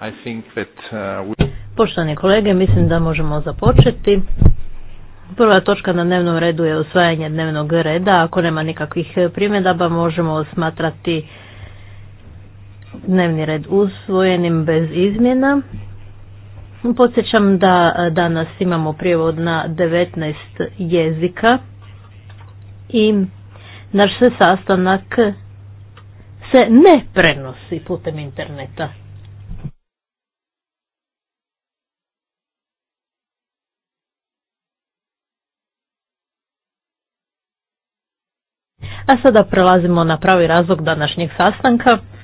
Uh, Poštovani kolege, mislim da možemo započeti. Prva točka na dnevnom redu je usvajanje dnevnog reda. Ako nema nikakvih primjedaba, možemo smatrati dnevni red usvojenim bez izmjena. Podsjećam da danas imamo prijevod na 19 jezika i naš se sastanak se ne prenosi putem interneta. A sada prelazimo na pravi razlog današnjeg sastanka.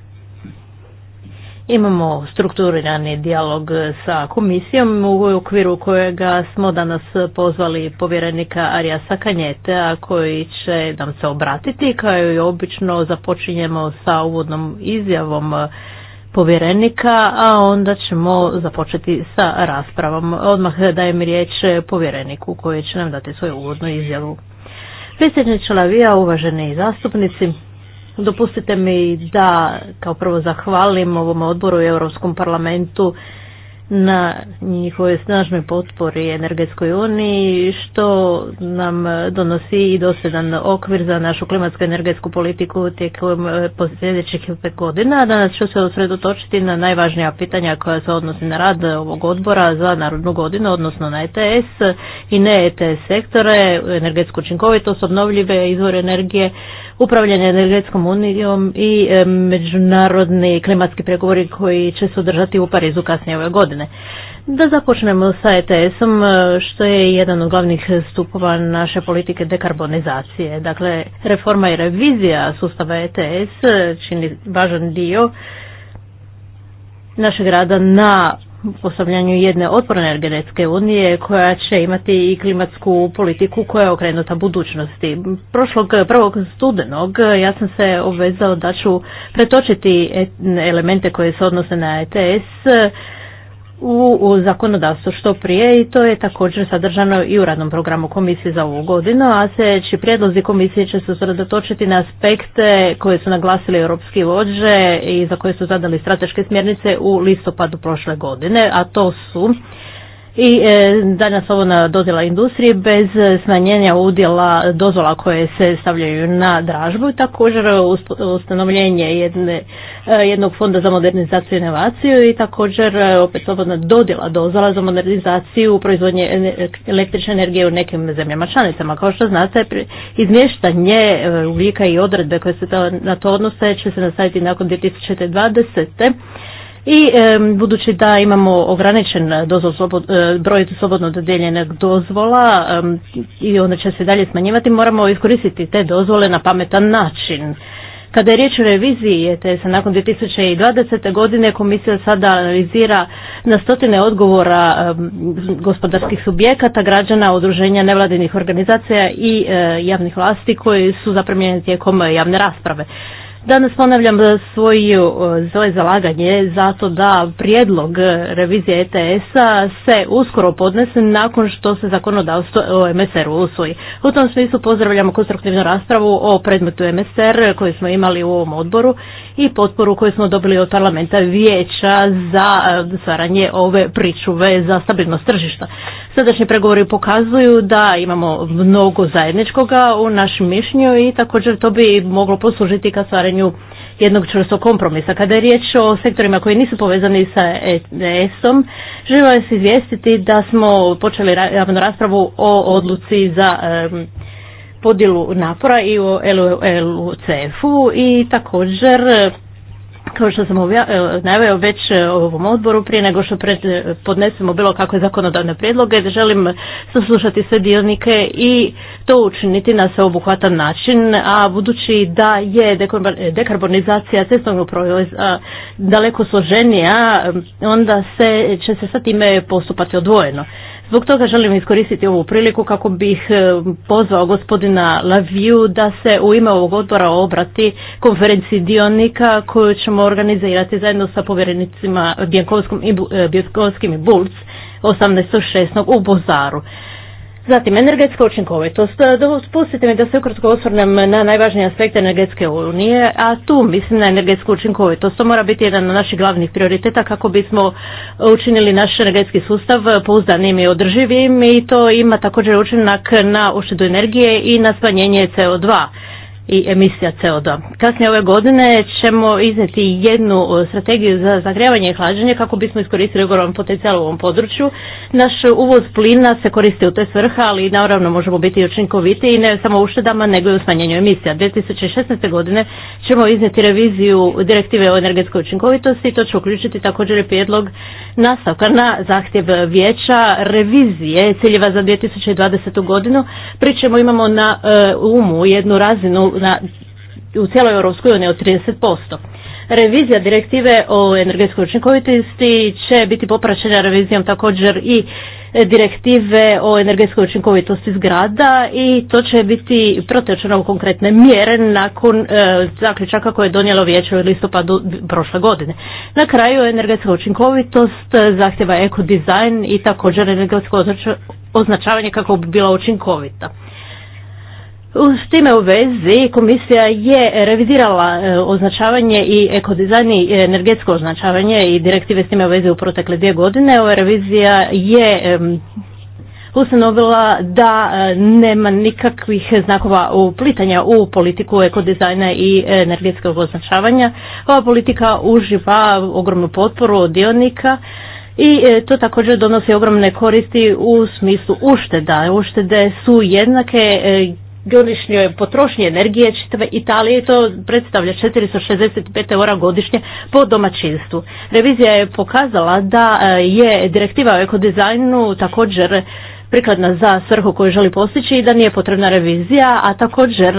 Imamo strukturirani dijalog sa komisijom u okviru kojega smo danas pozvali povjerenika Arijasa a koji će nam se obratiti kao i obično započinjemo sa uvodnom izjavom povjerenika, a onda ćemo započeti sa raspravom. Odmah dajem riječ povjereniku koji će nam dati svoju uvodnu izjavu. Predsjedniče Lavija, uvaženi zastupnici, Dopustite mi da kao prvo zahvalim ovom odboru i Europskom parlamentu na njihovoj snažnoj potpori energetskoj uniji što nam donosi i dosljedan okvir za našu klimatsku energetsku politiku tijekom eh, sljedećih pet godina. Danas ću se usredotočiti na najvažnija pitanja koja se odnose na rad ovog odbora za narodnu godinu, odnosno na ETS i ne ETS sektore, energetsku učinkovitost, obnovljive izvore energije, upravljanje energetskom unijom i međunarodni klimatski pregovori koji će se održati u Parizu kasnije ove godine. Da započnemo sa ETS-om, e, što je jedan od glavnih stupova naše politike dekarbonizacije. Dakle, reforma i revizija sustava ETS e, čini važan dio našeg rada na postavljanju jedne otporne energetske unije koja će imati i klimatsku politiku koja je okrenuta budućnosti. Prošlog prvog studenog ja sam se obvezao da ću pretočiti e- elemente koje se odnose na ETS u, u zakonodavstvu što prije i to je također sadržano i u radnom programu komisije za ovu godinu, a sljedeći prijedlozi komisije će se usredotočiti na aspekte koje su naglasili europski vođe i za koje su zadali strateške smjernice u listopadu prošle godine, a to su i e, danas ovo na dodjela industrije bez smanjenja udjela dozvola koje se stavljaju na dražbu i također ustanovljenje jedne E, jednog fonda za modernizaciju i inovaciju i također e, opet slobodna dodjela dozvola za modernizaciju proizvodnje električne energije u nekim zemljama članicama. Kao što znate, izmještanje e, uvijeka i odredbe koje se na to odnose će se nastaviti nakon 2020. I budući da imamo ograničen dozvol slobod, broj slobodno dodijeljenog dozvola i onda će se dalje smanjivati, moramo iskoristiti te dozvole na pametan način. Kada je riječ o reviziji se nakon 2020. godine komisija sada analizira na stotine odgovora gospodarskih subjekata, građana, udruženja nevladinih organizacija i e, javnih vlasti koji su zapremljeni tijekom javne rasprave. Danas ponavljam eh, eh, svoje zalaganje zato da prijedlog eh, revizije ETS-a se uskoro podnese nakon što se zakonodavstvo o MSR-u usvoji. U tom smislu pozdravljamo konstruktivnu raspravu o predmetu MSR koju smo imali u ovom odboru i potporu koju smo dobili od parlamenta vijeća za stvaranje ove pričuve za stabilnost tržišta. Sadašnji pregovori pokazuju da imamo mnogo zajedničkoga u našem mišljenju i također to bi moglo poslužiti ka stvaranju jednog čvrstog kompromisa. Kada je riječ o sektorima koji nisu povezani sa esom om želim se izvijestiti da smo počeli javnu raspravu o odluci za podjelu napora i o LUCF-u i također kao što sam najavio već u e, ovom odboru, prije nego što pred, e, podnesemo bilo kakve zakonodavne prijedloge, želim saslušati sve dionike i to učiniti na sveobuhvatan način, a budući da je e, dekarbonizacija cestovnog proizvoda daleko složenija, onda se, će se sa time postupati odvojeno. Zbog toga želim iskoristiti ovu priliku kako bih e, pozvao gospodina Laviju da se u ime ovog odbora obrati konferenciji dionika koju ćemo organizirati zajedno sa povjerenicima e, Bjenkovskim i Bulc 18.6. u Bozaru. Zatim, energetska učinkovitost. E, dopustite mi da se ukratko osvrnem na najvažnije aspekte energetske unije, a tu mislim na energetsku učinkovitost. To mora biti jedan od naših glavnih prioriteta kako bismo učinili naš energetski sustav pouzdanim i održivim i to ima također učinak na uštedu energije i na smanjenje CO2 i emisija CO2. Kasnije ove godine ćemo izneti jednu e, strategiju za zagrijavanje i hlađenje kako bismo iskoristili ogroman potencijal u ovom području. Naš uvoz plina se koristi u te svrha, ali naravno možemo biti učinkoviti i ne samo u uštedama, nego i u smanjenju emisija. 2016. godine ćemo izneti reviziju direktive o energetskoj učinkovitosti i to će uključiti također i prijedlog nastavka na zahtjev vijeća revizije ciljeva za 2020. godinu. Pričemu imamo na e, umu jednu razinu na, u cijeloj Europskoj uniji od 30%. Revizija direktive o energetskoj učinkovitosti će biti popraćena revizijom također i direktive o energetskoj učinkovitosti zgrada i to će biti protečeno u konkretne mjere nakon e, zaključaka koje je donijelo vijeće u listopadu prošle godine. Na kraju energetska učinkovitost zahtjeva ekodizajn i također energetsko označavanje kako bi bila učinkovita. S time u vezi komisija je revidirala e, označavanje i ekodizajn i energetsko označavanje i direktive s time u vezi u protekle dvije godine. Ova revizija je ustanovila da e, nema nikakvih znakova uplitanja u politiku ekodizajna i energetskog označavanja. Ova politika uživa ogromnu potporu od dionika i e, to također donosi ogromne koristi u smislu ušteda. Uštede su jednake godišnjoj potrošnji energije čitave Italije to predstavlja 465 eura godišnje po domaćinstvu. Revizija je pokazala da e, je direktiva o ekodizajnu također prikladna za svrhu koju želi postići i da nije potrebna revizija, a također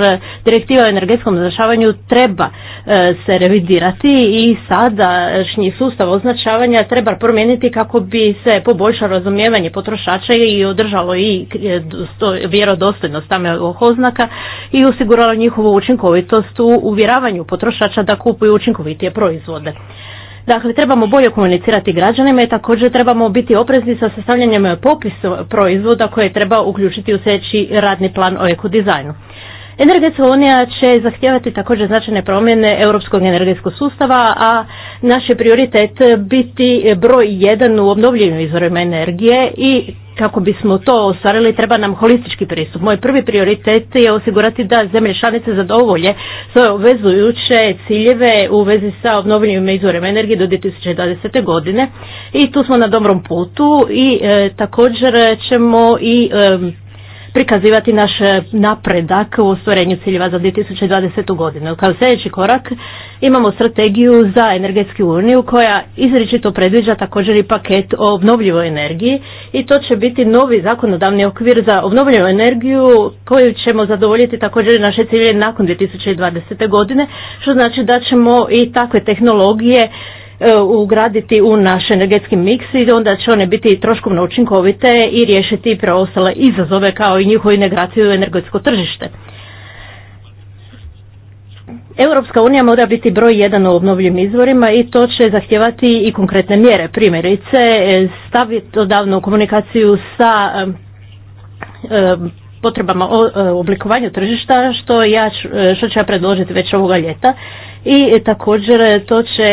direktiva o energetskom označavanju treba e, se revidirati i sadašnji sustav označavanja treba promijeniti kako bi se poboljšalo razumijevanje potrošača i održalo i e, vjerodostojnost same oznaka i osiguralo njihovu učinkovitost u uvjeravanju potrošača da kupuju učinkovitije proizvode. Dakle, trebamo bolje komunicirati građanima i također trebamo biti oprezni sa sastavljanjem popisa proizvoda koje treba uključiti u sljedeći radni plan o ekodizajnu. Energetska unija će zahtijevati također značajne promjene europskog energetskog sustava, a naš je prioritet biti broj jedan u obnovljivim izvorima energije i kako bismo to ostvarili treba nam holistički pristup. Moj prvi prioritet je osigurati da zemlje članice zadovolje svoje obvezujuće ciljeve u vezi sa obnovljivim izvorima energije do 2020. godine i tu smo na dobrom putu i e, također ćemo i e, prikazivati naš napredak u ostvarenju ciljeva za 2020. godinu. Kao sljedeći korak Imamo strategiju za energetsku uniju koja izričito predviđa također i paket o obnovljivoj energiji i to će biti novi zakonodavni okvir za obnovljivu energiju koju ćemo zadovoljiti također naše cilje nakon 2020. godine, što znači da ćemo i takve tehnologije e, ugraditi u naš energetski miks i onda će one biti troškovno učinkovite i riješiti preostale izazove kao i njihovu integraciju u energetsko tržište. Europska unija mora biti broj jedan u obnovljivim izvorima i to će zahtjevati i konkretne mjere. Primjerice, e, staviti odavno komunikaciju sa potrebama o e, oblikovanju tržišta što, ja, e, što ću ja predložiti već ovoga ljeta i također to će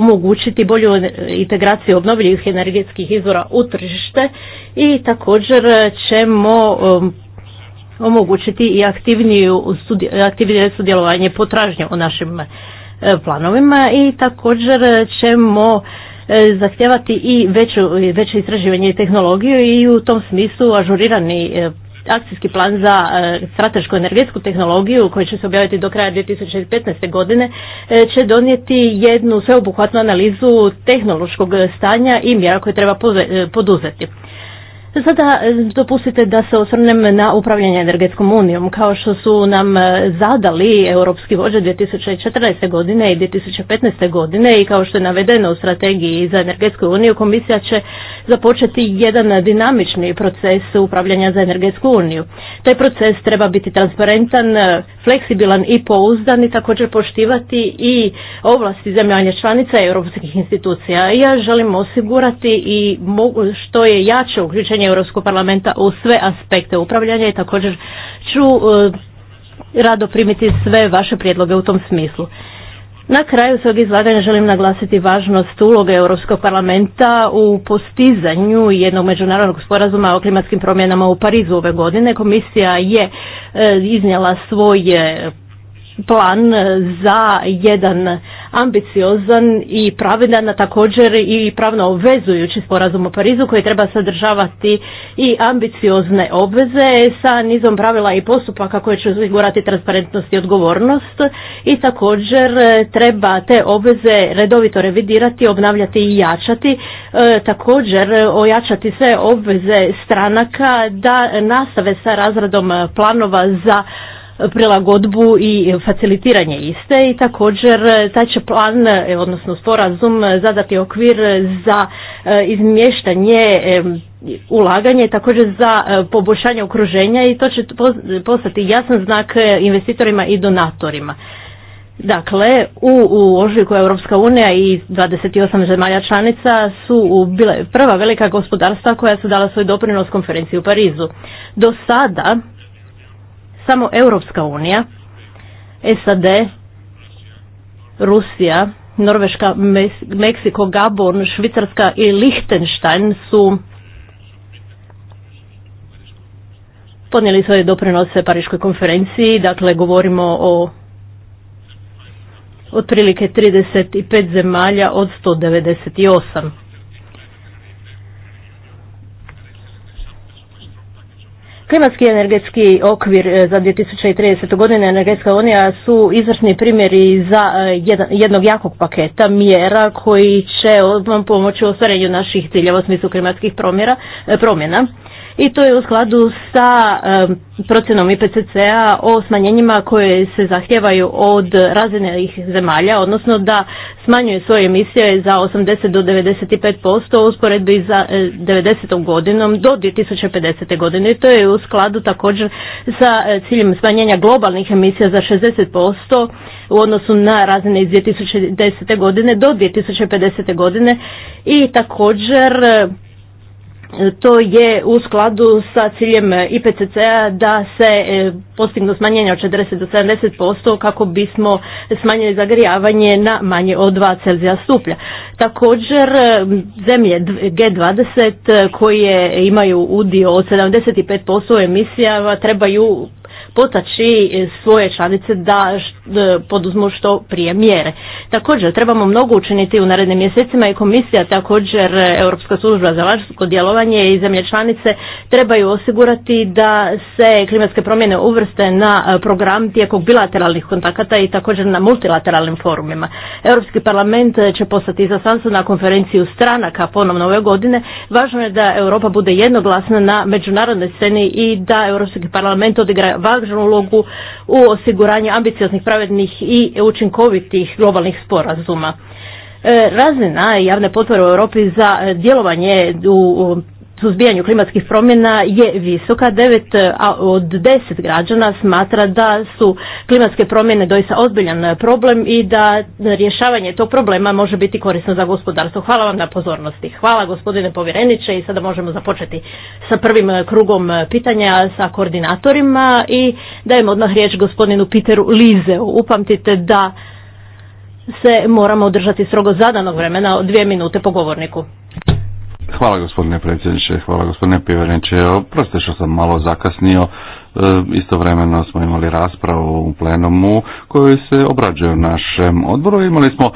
omogućiti bolju integraciju obnovljivih energetskih izvora u tržište i također ćemo omogućiti i aktivniju, aktivnije sudjelovanje potražnje u našim e, planovima i također ćemo e, zahtjevati i veće, veće istraživanje i tehnologiju i u tom smislu ažurirani e, akcijski plan za stratešku energetsku tehnologiju koji će se objaviti do kraja 2015. godine će donijeti jednu sveobuhvatnu analizu tehnološkog stanja i mjera koje treba poduzeti. Sada e, dopustite da se osvrnem na upravljanje energetskom unijom. Kao što su nam e, zadali europski vođe 2014. godine i 2015. godine i kao što je navedeno u strategiji za energetsku uniju, komisija će započeti jedan dinamični proces upravljanja za energetsku uniju. Taj proces treba biti transparentan, fleksibilan i pouzdan i također poštivati i ovlasti zemljanja članica europskih institucija. Ja želim osigurati i što je jače uključenje Europskog parlamenta u sve aspekte upravljanja i također ću eh, rado primiti sve vaše prijedloge u tom smislu. Na kraju svog izlaganja želim naglasiti važnost uloge Europskog parlamenta u postizanju jednog međunarodnog sporazuma o klimatskim promjenama u Parizu ove godine. Komisija je e, iznijela svoje plan e, za jedan ambiciozan i pravedan, a također i pravno obvezujući sporazum o Parizu koji treba sadržavati i ambiciozne obveze sa nizom pravila i postupaka koje će osigurati transparentnost i odgovornost i također e, treba te obveze redovito revidirati, obnavljati i jačati, e, također ojačati sve obveze stranaka da nastave sa razradom planova za prilagodbu i facilitiranje iste i također e, taj će plan, e, odnosno sporazum, e, zadati okvir za izmještanje ulaganje također za poboljšanje okruženja i to će postati jasan znak investitorima i donatorima. Dakle, u, ožujku Europska unija i 28 zemalja članica su bile prva velika gospodarstva koja su dala svoj doprinos konferenciji u Parizu. Do sada samo Europska unija, SAD, Rusija, Norveška, Meksiko, Gabon, Švicarska i Lichtenstein su podnijeli svoje doprinose Pariškoj konferenciji, dakle govorimo o otprilike 35 zemalja od 198. Klimatski energetski okvir e, za 2030. godine Energetska unija su izvrsni primjeri za e, jednog jakog paketa mjera koji će vam pomoći u ostvarenju naših ciljeva u smislu klimatskih e, promjena i to je u skladu sa procjenom IPCC-a o smanjenjima koje se zahtijevaju od razvijenih zemalja, odnosno da smanjuje svoje emisije za 80 do 95% u usporedbi za 90. E, godinom do 2050. godine. To je u skladu također sa e, ciljem smanjenja globalnih emisija za 60% u odnosu na razine iz 2010. godine do 2050. godine i također to je u skladu sa ciljem IPCC-a da se e, postignu smanjenja od 40 do 70% kako bismo smanjili zagrijavanje na manje od 2 Celzija stuplja. Također e, zemlje G20 e, koje imaju udio od 75% emisija trebaju potaći e, svoje članice da e, poduzmu što prije mjere. Također, trebamo mnogo učiniti u narednim mjesecima i komisija, također e, Europska služba za vanjsko djelovanje i zemlje članice trebaju osigurati da se klimatske promjene uvrste na program tijekom bilateralnih kontakata i također na multilateralnim forumima. Europski parlament će postati izaslanstvo na konferenciju stranaka ponovno ove godine. Važno je da Europa bude jednoglasna na međunarodnoj sceni i da Europski parlament odigra važnu u osiguranju ambicioznih, pravednih i učinkovitih globalnih sporazuma. E, Razina javne potpore u Europi za e, djelovanje u suzbijanju klimatskih promjena je visoka. 9 od 10 građana smatra da su klimatske promjene doista ozbiljan problem i da rješavanje tog problema može biti korisno za gospodarstvo. Hvala vam na pozornosti. Hvala gospodine povjereniče i sada možemo započeti sa prvim eh, krugom eh, pitanja sa koordinatorima i dajem odmah riječ gospodinu Peteru Lizeu. Upamtite da se moramo održati strogo zadanog vremena od dvije minute po govorniku. Hvala gospodine predsjedniče, hvala gospodine Pivaniće. proste što sam malo zakasnio, e, istovremeno smo imali raspravu u plenumu koju se obrađuje u našem odboru. Imali smo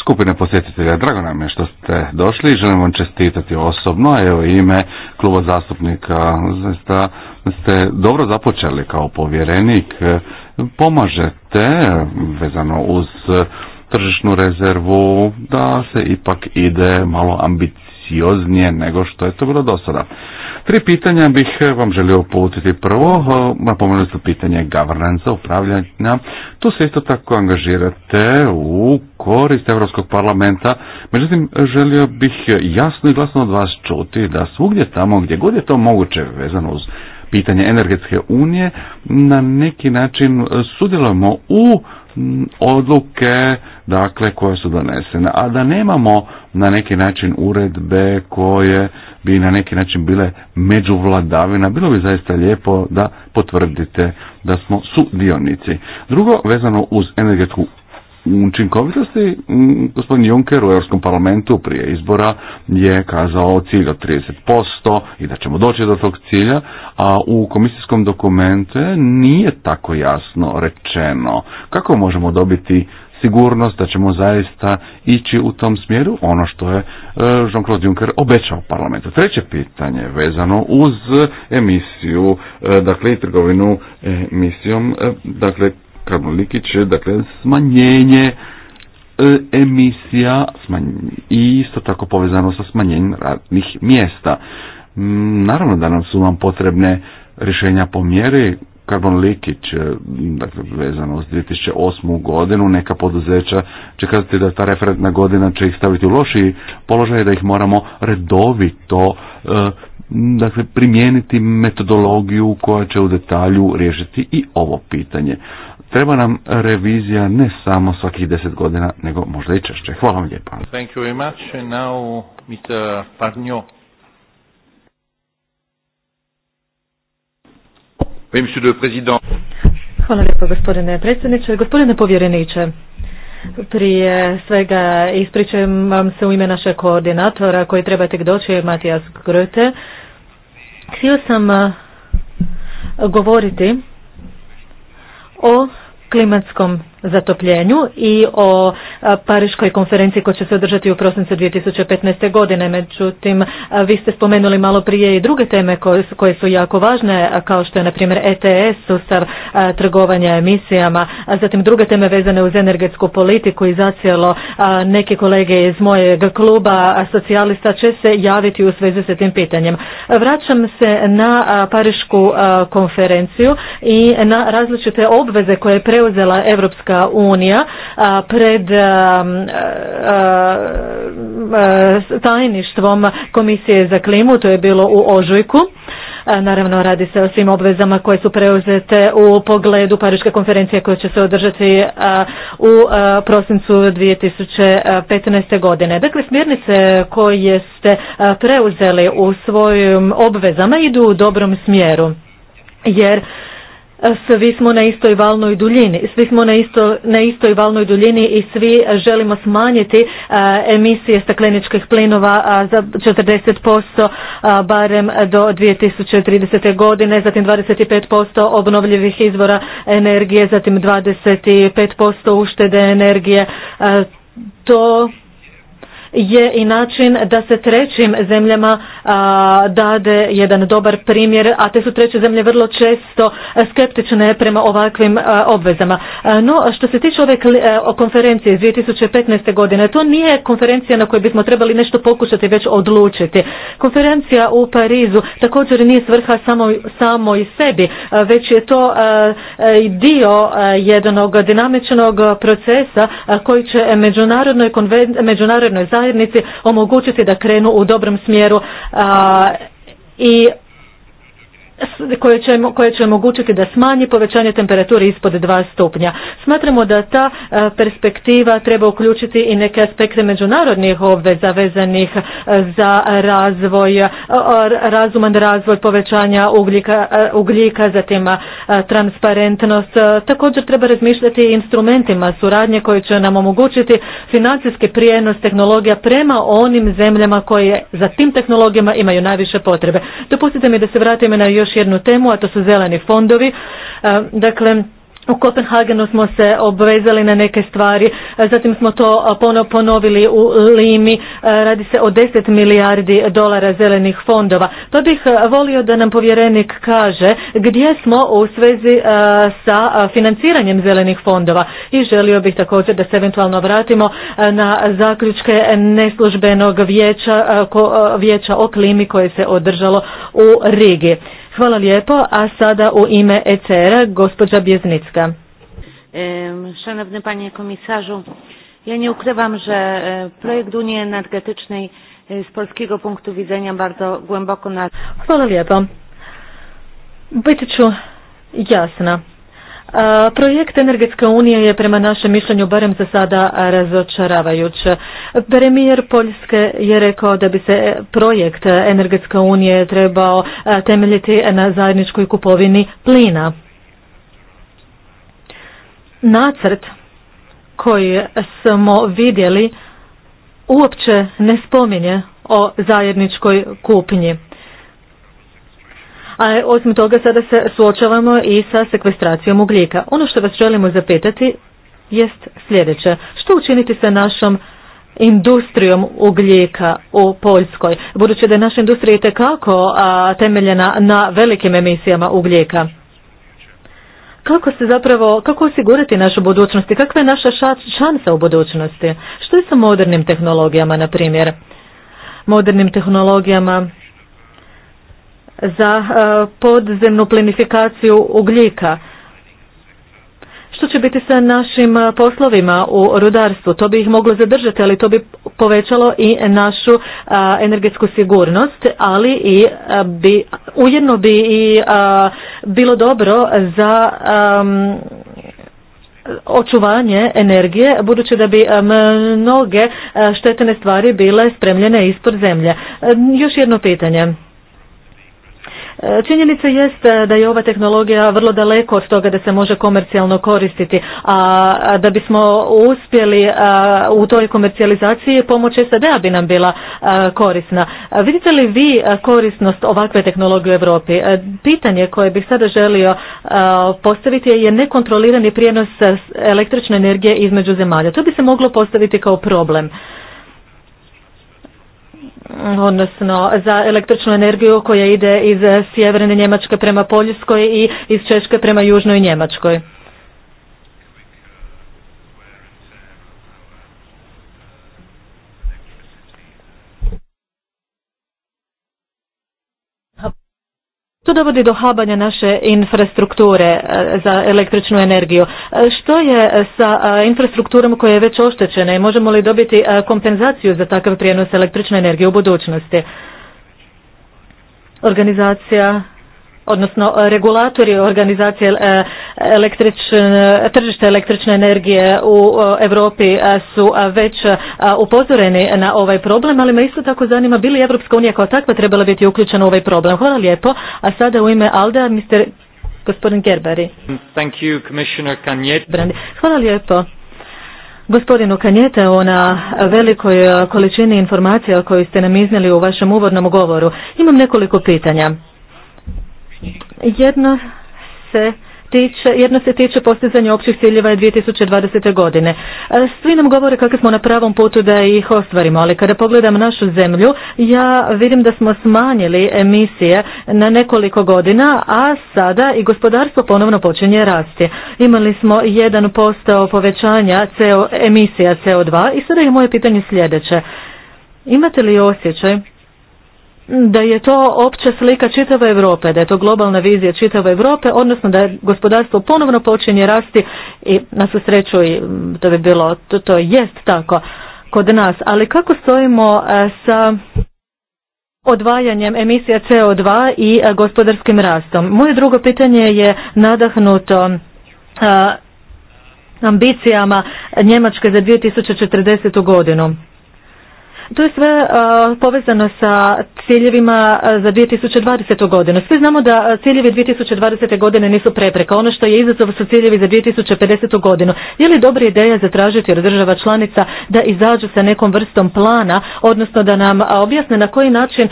skupine posjetitelja. Drago nam je što ste došli i želim vam čestitati osobno. Evo ime kluba zastupnika zaista ste dobro započeli kao povjerenik. E, pomažete vezano uz tržišnu rezervu da se ipak ide malo ambicije ambicioznije nego što je to bilo do sada. Tri pitanja bih eh, vam želio uputiti. Prvo, eh, napomenuli su pitanje governance, upravljanja. Tu se isto tako angažirate u korist Europskog parlamenta. Međutim, želio bih jasno i glasno od vas čuti da svugdje tamo gdje god je to moguće vezano uz pitanje energetske unije, na neki način eh, sudjelujemo u odluke dakle koje su donesene, a da nemamo na neki način uredbe koje bi na neki način bile međuvladavina, bilo bi zaista lijepo da potvrdite da smo sudionici. Drugo, vezano uz energetsku učinkovitosti mm, gospodin Juncker u Europskom parlamentu prije izbora je kazao cilj od 30% i da ćemo doći do tog cilja, a u komisijskom dokumente nije tako jasno rečeno. Kako možemo dobiti sigurnost da ćemo zaista ići u tom smjeru, ono što je e, Jean-Claude Juncker obećao parlamentu. Treće pitanje vezano uz emisiju, e, dakle i trgovinu emisijom, e, dakle likić dakle smanjenje e, emisija i isto tako povezano sa smanjenjem radnih mjesta. Mm, naravno da nam su vam potrebne rješenja po mjeri Karbon Likić, e, dakle, vezano s 2008. godinu, neka poduzeća će kazati da ta referentna godina će ih staviti u lošiji položaj, da ih moramo redovito e, dakle, primijeniti metodologiju koja će u detalju riješiti i ovo pitanje. Treba nam revizija ne samo svakih deset godina, nego možda i češće. Hvala vam lijepa. Thank you much. Hvala lijepo gospodine predsjedniče. Gospodine povjereniče, prije svega ispričam vam se u ime našeg koordinatora koji treba tek doći, Matijas Grote. Htio sam govoriti o klimatskom zatopljenju i o Pariškoj konferenciji koja će se održati u prosincu 2015. godine. Međutim, vi ste spomenuli malo prije i druge teme koje, su jako važne, kao što je na primjer ETS, sustav trgovanja emisijama, a zatim druge teme vezane uz energetsku politiku i zacijelo neke kolege iz mojeg kluba socijalista će se javiti u svezi sa tim pitanjem. Vraćam se na Parišku konferenciju i na različite obveze koje je preuzela Europska unija pred tajništvom Komisije za klimu, to je bilo u Ožujku. Naravno radi se o svim obvezama koje su preuzete u pogledu Pariške konferencije koja će se održati u prosincu 2015. godine. Dakle, smjernice koje ste preuzeli u svojim obvezama idu u dobrom smjeru jer svi smo na istoj valnoj duljini, svi smo na, isto, na istoj valnoj duljini i svi želimo smanjiti e, emisije stakleničkih plinova za 40% a, barem do 2030. godine, zatim 25% obnovljivih izvora energije, zatim 25% uštede energije. To je i način da se trećim zemljama a, dade jedan dobar primjer, a te su treće zemlje vrlo često skeptične prema ovakvim obvezama. no, što se tiče ove e, konferencije iz 2015. godine, to nije konferencija na kojoj bismo trebali nešto pokušati već odlučiti. Konferencija u Parizu također nije svrha samo, samo i sebi, već je to e, dio jednog dinamičnog procesa koji će međunarodnoj, međunarodnoj zajednici zajednici omogućiti da krenu u dobrom smjeru i koje će, koje će omogućiti da smanji povećanje temperature ispod 2 stupnja. Smatramo da ta e, perspektiva treba uključiti i neke aspekte međunarodnih obveza vezanih e, za razvoj, e, razuman razvoj povećanja ugljika, ugljika zatim transparentnost. Također treba razmišljati i instrumentima suradnje koji će nam omogućiti financijski prijenos tehnologija prema onim zemljama koje za tim tehnologijama imaju najviše potrebe. Dopustite mi da se vratimo na još još jednu temu, a to su zeleni fondovi. E, dakle, u Kopenhagenu smo se obvezali na neke stvari, e, zatim smo to ponovili u Limi, e, radi se o 10 milijardi dolara zelenih fondova. Pa bih volio da nam povjerenik kaže gdje smo u svezi sa financiranjem zelenih fondova i želio bih također da se eventualno vratimo na zaključke neslužbenog vijeća, vijeća o klimi koje se održalo u Rigi. Hvala lijepo, a sada u ime ECR-a gospođa Bjeznicka. Szanowny panie komisarzu, ja nie ukrywam, że e, projekt Unii Energetycznej e, z polskiego punktu widzenia bardzo głęboko na... Hvala lijepo. Być ću jasna. Projekt Energetska unija je prema našem mišljenju barem za sada razočaravajuć. Premijer Poljske je rekao da bi se projekt Energetske unije trebao temeljiti na zajedničkoj kupovini plina. Nacrt koji smo vidjeli uopće ne spominje o zajedničkoj kupnji a osim toga sada se suočavamo i sa sekvestracijom ugljika. Ono što vas želimo zapitati jest sljedeće. Što učiniti sa našom industrijom ugljika u Poljskoj, budući da je naša industrija itekako temeljena na velikim emisijama ugljika? Kako se zapravo, kako osigurati našu budućnost i kakva je naša šansa u budućnosti? Što je sa modernim tehnologijama, na primjer? Modernim tehnologijama za e, podzemnu plinifikaciju ugljika. Što će biti sa našim e, poslovima u rudarstvu? To bi ih moglo zadržati, ali to bi povećalo i našu e, energetsku sigurnost, ali i bi, ujedno bi i bilo dobro za očuvanje energije, budući da bi mnoge štetene stvari bile spremljene ispod zemlje. Još jedno pitanje. Činjenica jest eh, da je ova tehnologija vrlo daleko od toga da se može komercijalno koristiti, a da bismo uspjeli eh, u toj komercijalizaciji pomoć SAD-a bi nam bila eh, korisna. Vidite li vi korisnost ovakve tehnologije u Europi? Pitanje koje bih sada želio postaviti je nekontrolirani prijenos električne energije između zemalja. To bi se moglo postaviti kao problem odnosno za električnu energiju koja ide iz sjeverne Njemačke prema Poljskoj i iz Češke prema južnoj Njemačkoj. To dovodi do habanja naše infrastrukture e, za električnu energiju. E, što je e, sa infrastrukturom koja je već oštećena i možemo li dobiti kompenzaciju za takav prijenos električne energije u budućnosti? Organizacija odnosno e, regulatori organizacije e, tržišta električne energije u e, Europi su već upozoreni na ovaj problem, ali me isto tako zanima bi li Evropska unija kao takva trebala biti uključena u ovaj problem. Hvala lijepo. A sada u ime Alda, mister gospodin Gerberi. Hvala lijepo. Gospodinu kanjete na velikoj količini informacija koju ste nam iznijeli u vašem uvodnom govoru. Imam nekoliko pitanja. Jedno se tiče, jedno se tiče postizanja općih ciljeva 2020. godine. E, svi nam govore kako smo na pravom putu da ih ostvarimo, ali kada pogledam našu zemlju, ja vidim da smo smanjili emisije na nekoliko godina, a sada i gospodarstvo ponovno počinje rasti. Imali smo 1% povećanja CO, emisija CO2 i sada je moje pitanje sljedeće. Imate li osjećaj da je to opća slika čitave Europe, da je to globalna vizija čitave Europe, odnosno da je gospodarstvo ponovno počinje rasti i na su sreću to bi bilo, to, to jest tako kod nas, ali kako stojimo e, sa odvajanjem emisija CO2 i e, gospodarskim rastom? Moje drugo pitanje je nadahnuto e, ambicijama Njemačke za 2040. godinu. To je sve e, povezano sa ciljevima e, za 2020. godinu. Svi znamo da e, ciljevi 2020. godine nisu prepreka. Ono što je izazov su ciljevi za 2050. godinu. Je li dobra ideja zatražiti od država članica da izađu sa nekom vrstom plana, odnosno da nam objasne na koji način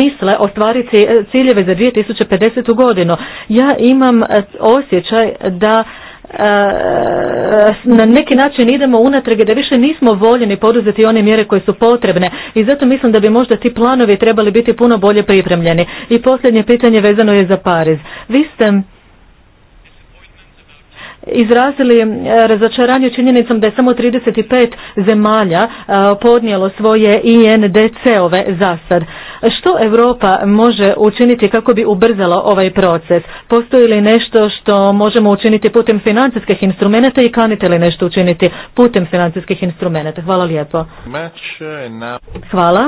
misle ostvariti ciljeve za 2050. godinu? Ja imam osjećaj da Eh, na neki način idemo unatrag i da više nismo voljeni poduzeti one mjere koje su potrebne i zato mislim da bi možda ti planovi trebali biti puno bolje pripremljeni. I posljednje pitanje vezano je za Pariz. Vi ste izrazili e, razočaranje činjenicom da je samo 35 zemalja e, podnijelo svoje INDC-ove zasad. Što Europa može učiniti kako bi ubrzala ovaj proces? Postoji li nešto što možemo učiniti putem financijskih instrumenta i kanite li nešto učiniti putem financijskih instrumenta? Hvala lijepo. E, Hvala.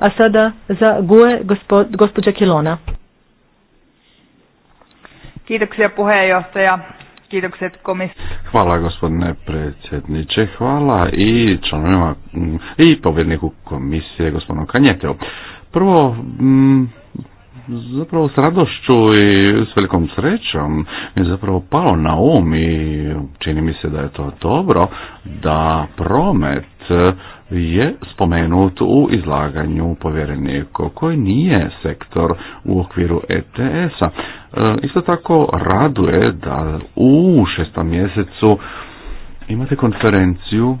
A sada za GUE gospođa Kilona. Kiitoksia puheenjohtaja. Hvala gospodine predsjedniče, hvala i članovima mm, i povjedniku komisije gospodinu Kanjeteu. Prvo, mm, zapravo s radošću i s velikom srećom mi je zapravo palo na um i čini mi se da je to dobro da promet je spomenut u izlaganju povjereniku koji nije sektor u okviru ETS-a. E, isto tako raduje da u šestom mjesecu imate konferenciju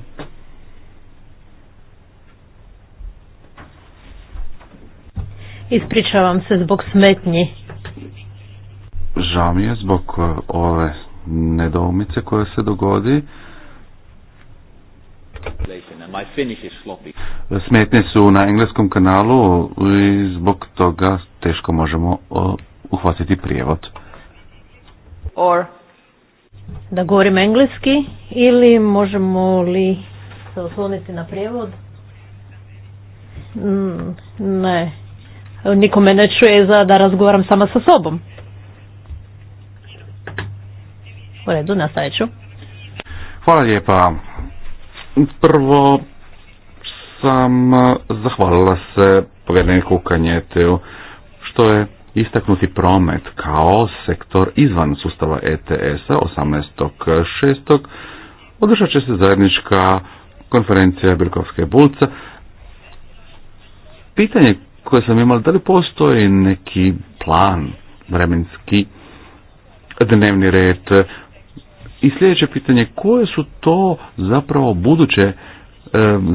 Ispričavam se zbog smetnji. Žao mi je zbog e, ove nedoumice koja se dogodi. Smetnje su na engleskom kanalu i zbog toga teško možemo e, uhvatiti prijevod. Or. Da govorim engleski ili možemo li se osloniti na prijevod? Mm, ne. Niko me ne čuje za da razgovaram sama sa sobom. U redu, nastavit ću. Hvala lijepa. Prvo sam eh, zahvalila se povjereniku Kanjeteu što je istaknuti promet kao sektor izvan sustava ETS-a 18.6. Održat će se zajednička konferencija Birkovske Bulca. Pitanje koje sam imala, da li postoji neki plan vremenski, dnevni red, i sljedeće pitanje, koje su to zapravo buduće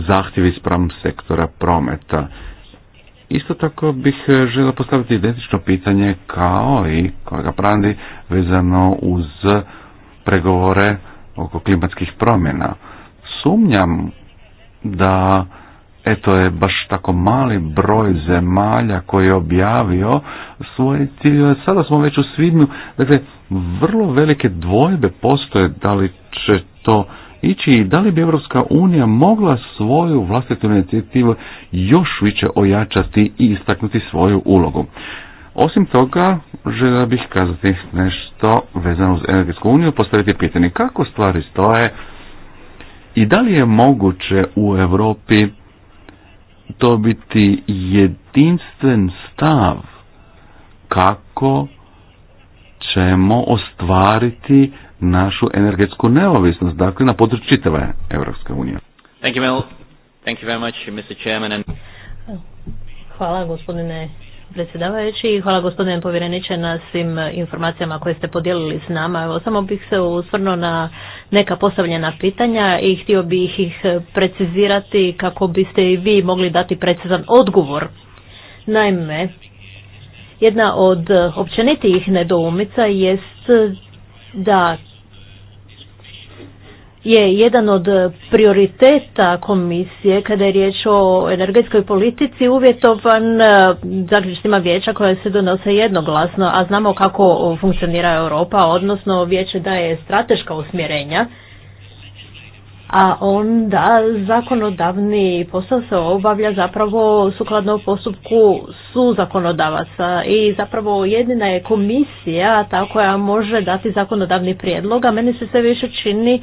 zahtjevi spram sektora prometa? Isto tako bih e, želio postaviti identično pitanje kao i kolega Prandi, vezano uz pregovore oko klimatskih promjena. Sumnjam da eto je baš tako mali broj zemalja koji je objavio svoje ciljeve. Sada smo već u svibnju, dakle vrlo velike dvojbe postoje da li će to ići i da li bi Europska unija mogla svoju vlastitu inicijativu još više ojačati i istaknuti svoju ulogu. Osim toga, želio bih kazati nešto vezano uz Energetsku uniju, postaviti pitanje kako stvari stoje i da li je moguće u Europi dobiti jedinstven stav kako ćemo ostvariti našu energetsku neovisnost, dakle na području čitave Europske unije. Hvala gospodine predsjedavajući i hvala gospodine povjereniče na svim informacijama koje ste podijelili s nama. Evo, samo bih se usvrno na neka postavljena pitanja i htio bih ih precizirati kako biste i vi mogli dati precizan odgovor. Naime, jedna od općenitijih nedoumica jest da je jedan od prioriteta komisije kada je riječ o energetskoj politici uvjetovan e, zaključcima vijeća koja se donose jednoglasno, a znamo kako funkcionira Europa, odnosno vijeće daje strateška usmjerenja a onda zakonodavni posao se obavlja zapravo sukladno postupku su zakonodavaca i zapravo jedina je komisija ta koja može dati zakonodavni prijedlog, a meni se sve više čini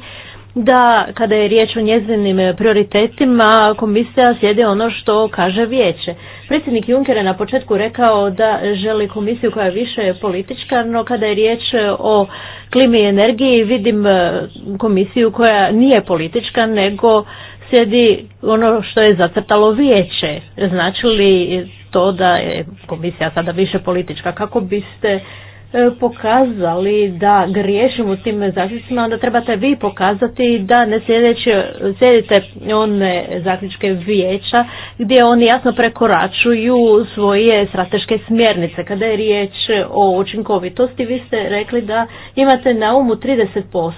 da kada je riječ o njezinim prioritetima komisija slijedi ono što kaže vijeće. Predsjednik Juncker je na početku rekao da želi komisiju koja je više politička, no kada je riječ o klimi i energiji vidim e, komisiju koja nije politička nego slijedi ono što je zacrtalo vijeće. Znači li to da je komisija sada više politička? Kako biste E, pokazali da u tim zaključcima, onda trebate vi pokazati da ne sjedite one zaključke vijeća gdje oni jasno prekoračuju svoje strateške smjernice. Kada je riječ o učinkovitosti, vi ste rekli da imate na umu 30%,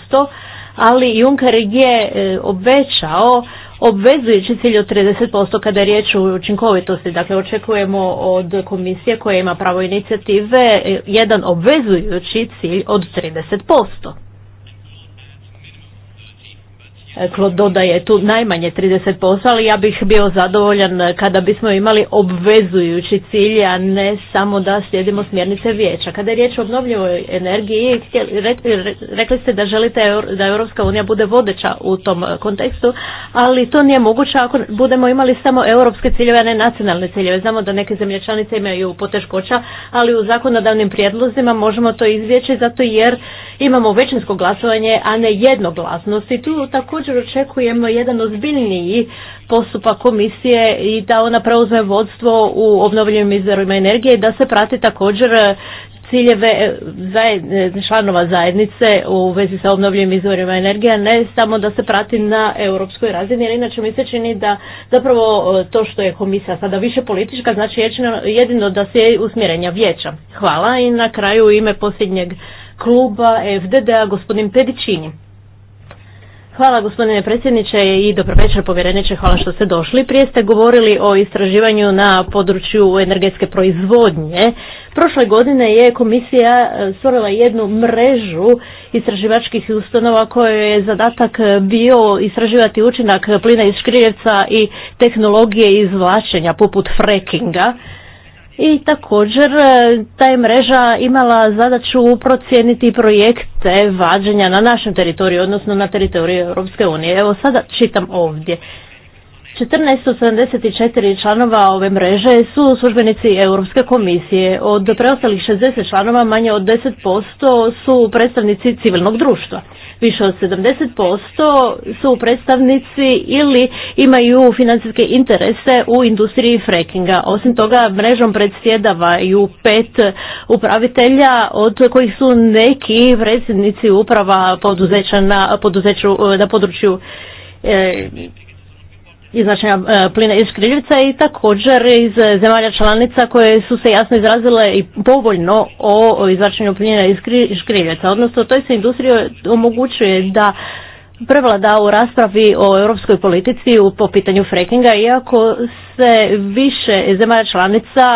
ali Juncker je e, obećao obvezujući cilj od 30% kada je riječ o učinkovitosti. Dakle, očekujemo od komisije koja ima pravo inicijative e, jedan obvezujući cilj od 30% doda je tu najmanje 30%, ali ja bih bio zadovoljan kada bismo imali obvezujući cilj, a ne samo da slijedimo smjernice vijeća. Kada je riječ o obnovljivoj energiji, rekli ste da želite da Europska unija bude vodeća u tom e, kontekstu, ali to nije moguće ako budemo imali samo europske ciljeve, a ne nacionalne ciljeve. Znamo da neke zemlje članice imaju poteškoća, ali u zakonodavnim prijedlozima možemo to izvjeći zato jer imamo većinsko glasovanje, a ne jednoglasnost. I tu također očekujemo jedan ozbiljniji postupak komisije i da ona preuzme vodstvo u obnovljivim izvorima energije i da se prati također ciljeve e, članova zajednice u vezi sa obnovljivim izvorima energije, ne samo da se prati na europskoj razini, jer inače mi se čini da zapravo e, to što je komisija sada više politička, znači jedino da se je usmjerenja vijeća. Hvala i na kraju u ime posljednjeg kluba fdd gospodin Hvala gospodine predsjedniče i dobro večer povjereniče, hvala što ste došli. Prije ste govorili o istraživanju na području energetske proizvodnje. Prošle godine je komisija e, stvorila jednu mrežu istraživačkih ustanova koje je zadatak bio istraživati učinak plina iz škriljevca i tehnologije izvlačenja poput frekinga i također e, ta je mreža imala zadaću procijeniti projekte vađenja na našem teritoriju, odnosno na teritoriju Europske unije. Evo sada čitam ovdje. 1474 članova ove mreže su službenici Europske komisije. Od preostalih 60 članova manje od 10% su predstavnici civilnog društva više od 70% su predstavnici ili imaju financijske interese u industriji frekinga. Osim toga mrežom predsjedavaju pet upravitelja od kojih su neki predsjednici uprava poduzeća na, poduzeću, na području e, iznačenja e, plina iz škriljica i također iz e, zemalja članica koje su se jasno izrazile i povoljno o iznačenju plina iz škriljica. Odnosno, toj se industriji omogućuje da prevlada u raspravi o europskoj politici u, po pitanju frekinga, iako se više zemalja članica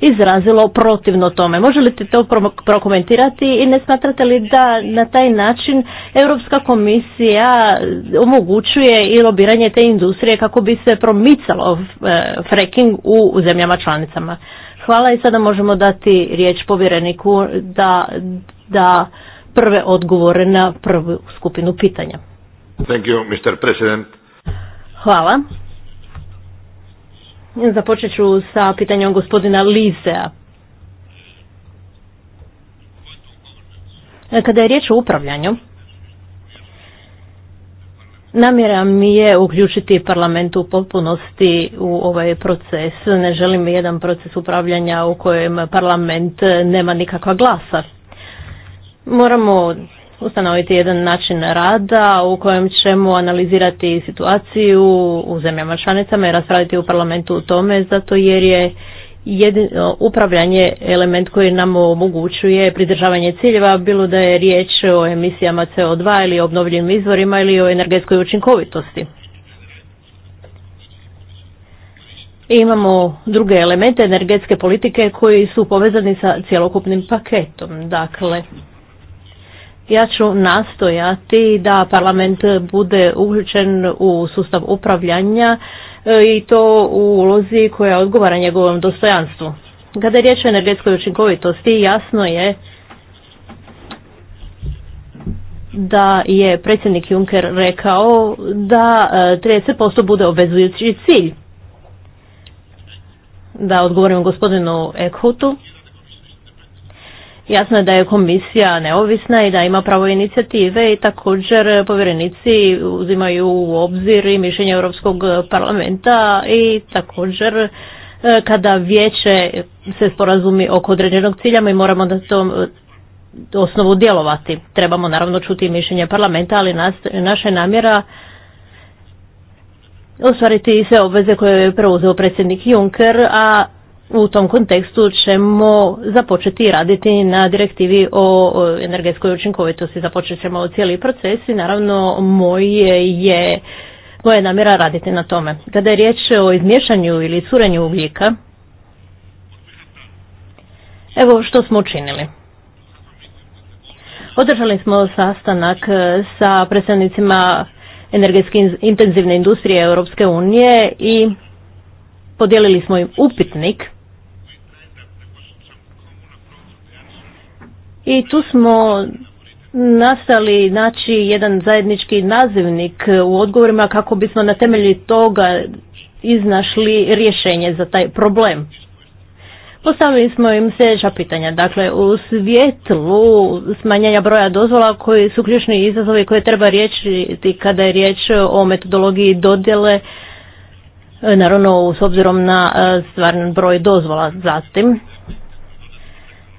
izrazilo protivno tome. Može li to prokomentirati i ne smatrate li da na taj način Europska komisija omogućuje i lobiranje te industrije kako bi se promicalo eh, freking u zemljama članicama? Hvala i sada možemo dati riječ povjereniku da, da prve odgovore na prvu skupinu pitanja. Thank you, Mr. President. Hvala. Započet ću sa pitanjem gospodina Lizea. Kada je riječ o upravljanju, namjera mi je uključiti parlament u potpunosti u ovaj proces. Ne želim jedan proces upravljanja u kojem parlament nema nikakva glasa. Moramo ustanoviti jedan način rada u kojem ćemo analizirati situaciju u zemljama članicama i raspraviti u parlamentu u tome zato jer je jedino upravljanje element koji nam omogućuje pridržavanje ciljeva bilo da je riječ o emisijama CO2 ili obnovljivim izvorima ili o energetskoj učinkovitosti. I imamo druge elemente energetske politike koji su povezani sa cjelokupnim paketom. Dakle, ja ću nastojati da parlament bude uključen u sustav upravljanja e, i to u ulozi koja odgovara njegovom dostojanstvu. Kada je riječ o energetskoj učinkovitosti, jasno je da je predsjednik Juncker rekao da 30% e, bude obvezujući cilj. Da odgovorim gospodinu Ekhutu. Jasno je da je komisija neovisna i da ima pravo inicijative i također povjerenici uzimaju u obzir i mišljenje Europskog parlamenta i također e, kada vijeće se sporazumi oko određenog cilja mi moramo na tom e, osnovu djelovati. Trebamo naravno čuti mišljenje parlamenta, ali nas, naša je namjera ostvariti sve obveze koje je preuzeo predsjednik Juncker, a u tom kontekstu ćemo započeti raditi na direktivi o energetskoj učinkovitosti. Započet ćemo cijeli proces i naravno moj je moja je namjera raditi na tome. Kada je riječ o izmješanju ili curenju ugljika, evo što smo učinili. Održali smo sastanak sa predstavnicima energetske intenzivne industrije Europske unije i podijelili smo im upitnik I tu smo nastali naći jedan zajednički nazivnik u odgovorima kako bismo na temelju toga iznašli rješenje za taj problem. Postavili smo im sljedeća pitanja. Dakle, u svijetlu smanjenja broja dozvola koji su ključni izazovi koje treba riješiti kada je riječ o metodologiji dodjele, naravno s obzirom na e, stvaran broj dozvola. Zatim,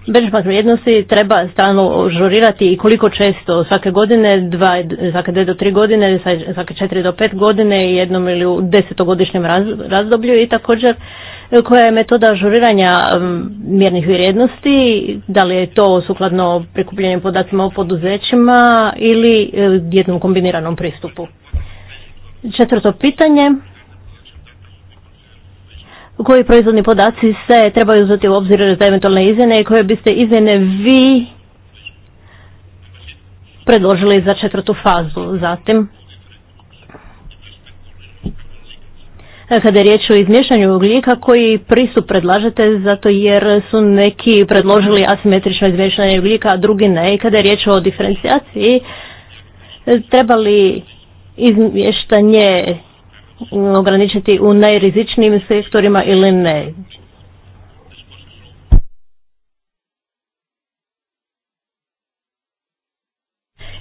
benchmark vrijednosti treba stalno žurirati i koliko često, svake godine, dva, svake dve do tri godine, svake četiri do pet godine, i jednom ili u desetogodišnjem razdoblju i također e, koja je metoda žuriranja mjernih vrijednosti, da li je to sukladno prikupljenim podacima o poduzećima ili e, jednom kombiniranom pristupu. Četvrto pitanje, koji proizvodni podaci se trebaju uzeti u obzir za eventualne izmjene i koje biste izmjene vi predložili za četvrtu fazu. Zatim, kada je riječ o izmješanju ugljika, koji pristup predlažete zato jer su neki predložili asimetrično izmješanje ugljika, a drugi ne. kada je riječ o diferencijaciji, trebali izmještanje Mm, ograničiti u najrizičnijim sektorima ili ne.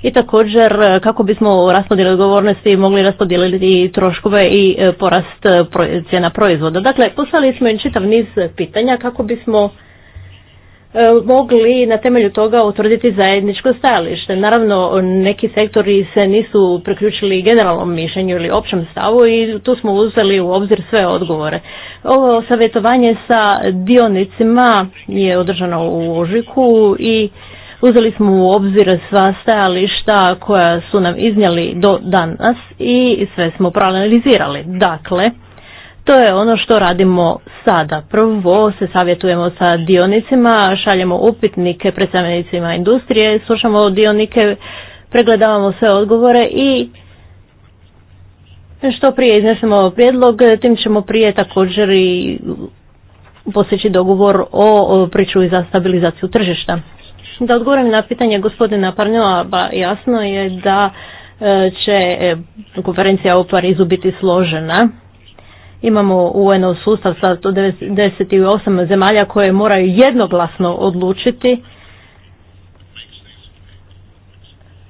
I također kako bismo u raspodjeli odgovornosti mogli raspodijeliti i troškove i e, porast e, cijena proizvoda. Dakle, poslali smo im čitav niz pitanja kako bismo E, mogli na temelju toga utvrditi zajedničko stajalište. Naravno, neki sektori se nisu preključili generalnom mišljenju ili općem stavu i tu smo uzeli u obzir sve odgovore. Ovo savjetovanje sa dionicima je održano u ožiku i uzeli smo u obzir sva stajališta koja su nam iznijeli do danas i sve smo proanalizirali. Dakle, to je ono što radimo sada. Prvo se savjetujemo sa dionicima, šaljemo upitnike predstavnicima industrije, slušamo dionike, pregledavamo sve odgovore i što prije iznesemo prijedlog, tim ćemo prije također i postići dogovor o priču za stabilizaciju tržišta. Da odgovorim na pitanje gospodina Parnjola, ba jasno je da e, će e, konferencija u Parizu biti složena Imamo un sustav sa 98 zemalja koje moraju jednoglasno odlučiti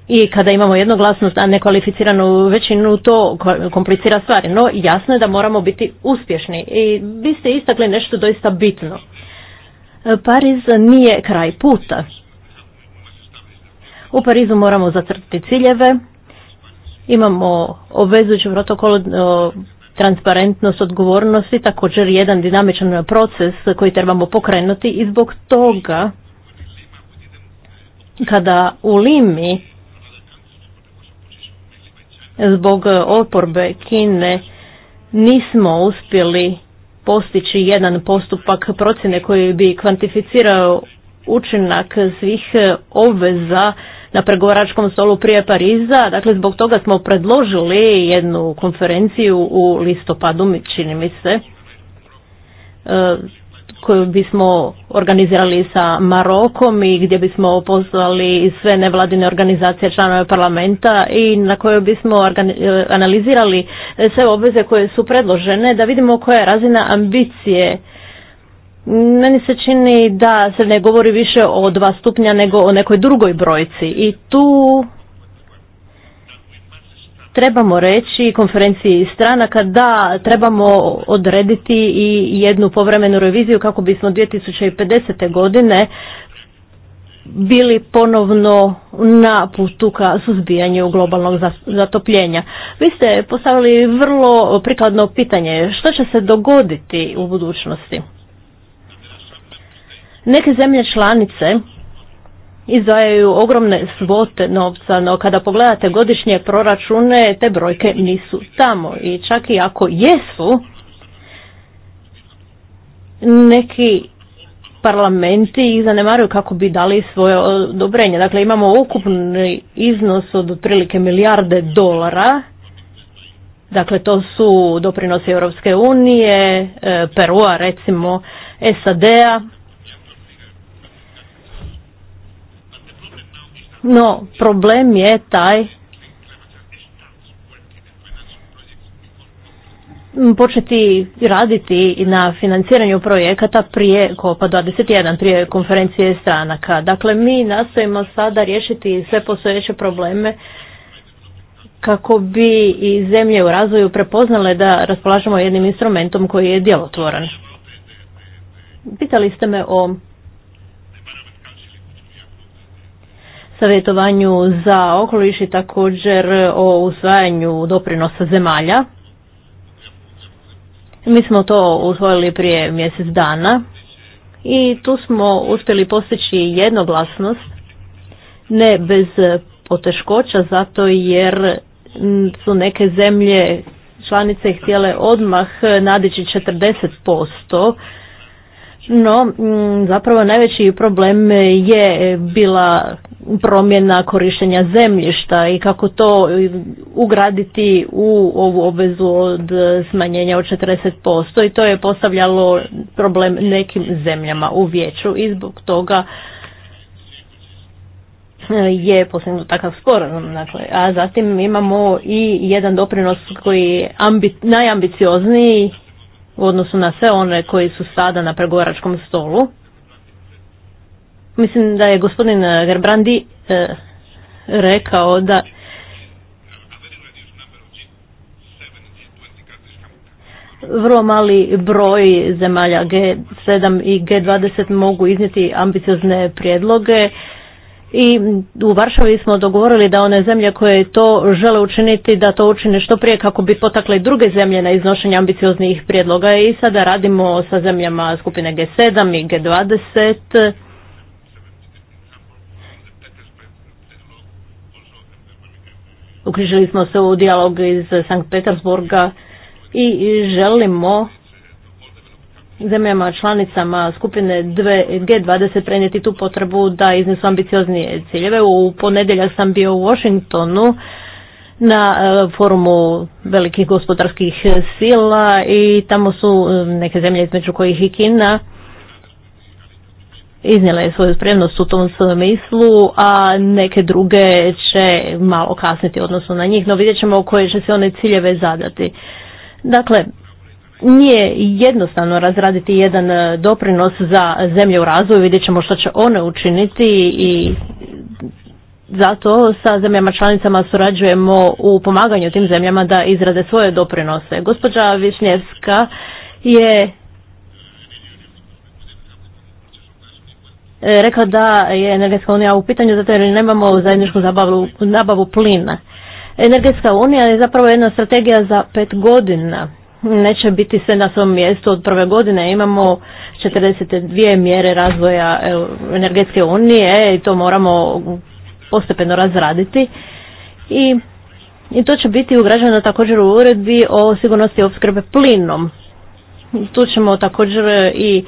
i kada imamo jednoglasnost, a nekvalificiranu većinu, to komplicira stvari. No jasno je da moramo biti uspješni i vi ste istakli nešto doista bitno. Pariz nije kraj puta. U Parizu moramo zacrtiti ciljeve, imamo obvezujući protokol transparentnost, odgovornosti i također jedan dinamičan proces koji trebamo pokrenuti i zbog toga kada u Limi zbog oporbe Kine nismo uspjeli postići jedan postupak procjene koji bi kvantificirao učinak svih obveza na pregovaračkom stolu prije Pariza. Dakle, zbog toga smo predložili jednu konferenciju u listopadu, čini mi se, e, koju bismo organizirali sa Marokom i gdje bismo pozvali sve nevladine organizacije članove parlamenta i na kojoj bismo e, analizirali sve obveze koje su predložene da vidimo koja je razina ambicije meni se čini da se ne govori više o dva stupnja nego o nekoj drugoj brojci i tu trebamo reći konferenciji stranaka da trebamo odrediti i jednu povremenu reviziju kako bismo 2050. godine bili ponovno na putu ka suzbijanju globalnog zatopljenja. Vi ste postavili vrlo prikladno pitanje što će se dogoditi u budućnosti. Neke zemlje članice izdvajaju ogromne svote novca, no kada pogledate godišnje proračune, te brojke nisu tamo. I čak i ako jesu, neki parlamenti ih zanemaruju kako bi dali svoje odobrenje. Dakle, imamo ukupni iznos od otprilike milijarde dolara, dakle to su doprinosi Europske unije, e, Perua recimo, SAD-a, No, problem je taj početi raditi na financiranju projekata prije COPA 21, prije konferencije stranaka. Dakle, mi nastojimo sada riješiti sve postojeće probleme kako bi i zemlje u razvoju prepoznale da raspolažemo jednim instrumentom koji je djelotvoran. Pitali ste me o savjetovanju za okoliš i također o usvajanju doprinosa zemalja. Mi smo to usvojili prije mjesec dana i tu smo uspjeli postići jednoglasnost, ne bez poteškoća, zato jer su neke zemlje članice htjele odmah nadići 40%, no, mm, zapravo najveći problem je bila promjena korištenja zemljišta i kako to ugraditi u ovu obvezu od smanjenja od 40% i to je postavljalo problem nekim zemljama u vijeću i zbog toga eh, je posljedno takav sporazum. Dakle. a zatim imamo i jedan doprinos koji je ambi, najambiciozniji u odnosu na sve one koji su sada na pregovaračkom stolu. Mislim da je gospodin eh, Gerbrandi eh, rekao da vrlo mali broj zemalja G7 i G20 mogu iznijeti ambiciozne prijedloge i u Varšavi smo dogovorili da one zemlje koje to žele učiniti da to učine što prije kako bi potakle druge zemlje na iznošenje ambicioznih prijedloga i sada radimo sa zemljama skupine G7 i G20 Ukrižili smo se u dijalog iz Sankt Petersburga i želimo zemljama članicama skupine G20 prenijeti tu potrebu da iznesu ambicioznije ciljeve. U ponedjeljak sam bio u Washingtonu na e, forumu velikih gospodarskih sila i tamo su e, neke zemlje između kojih i Kina iznijela je svoju spremnost u tom smislu, a neke druge će malo kasniti odnosno na njih, no vidjet ćemo koje će se one ciljeve zadati. Dakle, nije jednostavno razraditi jedan e, doprinos za zemlje u razvoju, vidjet ćemo što će one učiniti i zato sa zemljama članicama surađujemo u pomaganju tim zemljama da izrade svoje doprinose. Gospođa Višnjevska je e, rekla da je energetska unija u pitanju zato jer nemamo zajedničku zabavu, nabavu plina. Energetska unija je zapravo jedna strategija za pet godina neće biti sve na svom mjestu od prve godine. Imamo 42 mjere razvoja e, energetske unije i to moramo postepeno razraditi. I, i to će biti ugrađeno također u uredbi o sigurnosti opskrbe plinom. Tu ćemo također i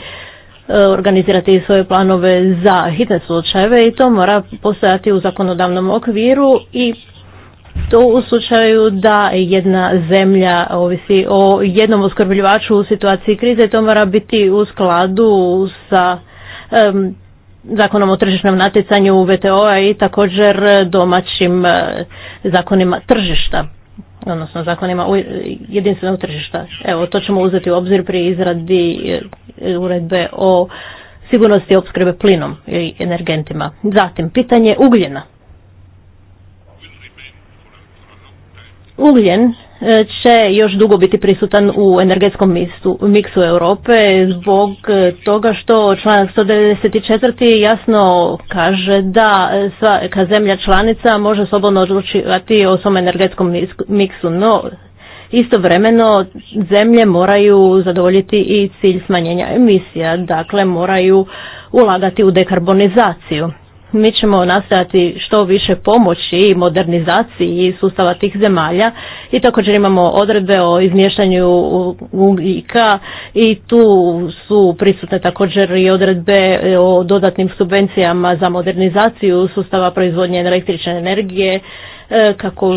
e, organizirati svoje planove za hitne slučajeve i to mora postojati u zakonodavnom okviru i to u slučaju da jedna zemlja ovisi o jednom oskrbljivaču u situaciji krize, to mora biti u skladu sa zakonom o tržišnom natjecanju u VTO-a i također domaćim e, zakonima tržišta odnosno zakonima jedinstvenog tržišta. Evo, to ćemo uzeti u obzir pri izradi e, uredbe o sigurnosti opskrbe plinom i energentima. Zatim, pitanje ugljena. Ugljen e, će još dugo biti prisutan u energetskom miksu Europe zbog e, toga što članak 194. jasno kaže da e, svaka zemlja članica može slobodno odlučivati o svom energetskom miksu, no istovremeno zemlje moraju zadovoljiti i cilj smanjenja emisija, dakle moraju ulagati u dekarbonizaciju mi ćemo nastojati što više pomoći i modernizaciji sustava tih zemalja i također imamo odredbe o izmještanju ugljika i tu su prisutne također i odredbe o dodatnim subvencijama za modernizaciju sustava proizvodnje električne energije e, kako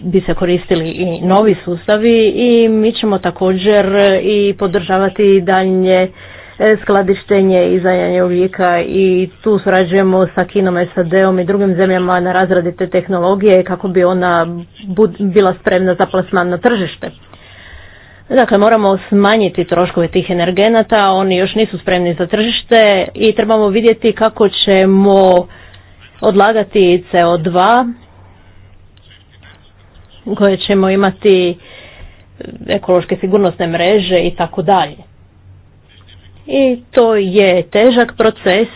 bi se koristili i novi sustavi i mi ćemo također i podržavati daljnje E, skladištenje i zajanje i tu surađujemo sa Kinom, SAD-om i drugim zemljama na razradi te tehnologije kako bi ona bila spremna za plasman na tržište. Dakle, moramo smanjiti troškove tih energenata, oni još nisu spremni za tržište i trebamo vidjeti kako ćemo odlagati CO2 koje ćemo imati ekološke sigurnosne mreže i tako dalje i to je težak proces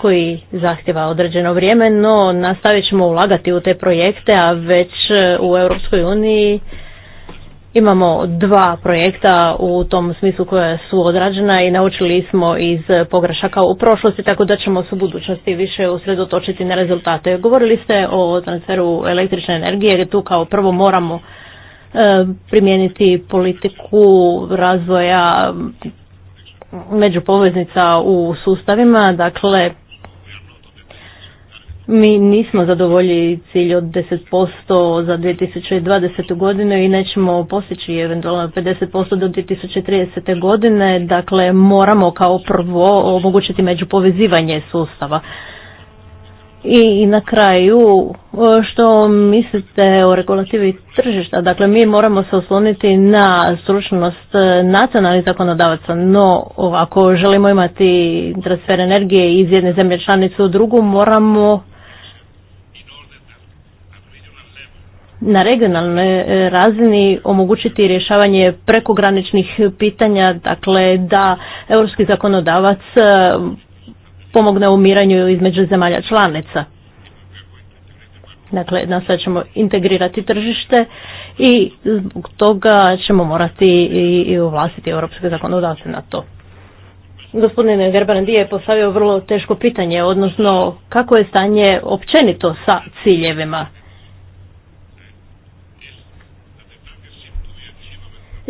koji zahtjeva određeno vrijeme, no nastavit ćemo ulagati u te projekte, a već e, u Europskoj uniji imamo dva projekta u tom smislu koja su odrađena i naučili smo iz pogrešaka u prošlosti, tako da ćemo se u budućnosti više usredotočiti na rezultate. Govorili ste o transferu električne energije, jer tu kao prvo moramo e, primijeniti politiku razvoja međupoveznica u sustavima, dakle mi nismo zadovoljili cilj od 10% za 2020. godinu i nećemo postići eventualno 50% do 2030. godine, dakle moramo kao prvo omogućiti međupovezivanje sustava. I na kraju, e, što mislite o regulativi tržišta? Dakle, mi moramo se osloniti na stručnost e, nacionalnih zakonodavaca, no ako želimo imati transfer energije iz jedne zemlje članice u drugu, moramo na regionalnoj e, razini omogućiti rješavanje prekograničnih pitanja, dakle da europski zakonodavac pomogne u miranju između zemalja članica. Dakle, sve ćemo integrirati tržište i zbog toga ćemo morati i uvlastiti europske zakonodavce na to. Gospodine Gerbrandi je postavio vrlo teško pitanje, odnosno kako je stanje općenito sa ciljevima.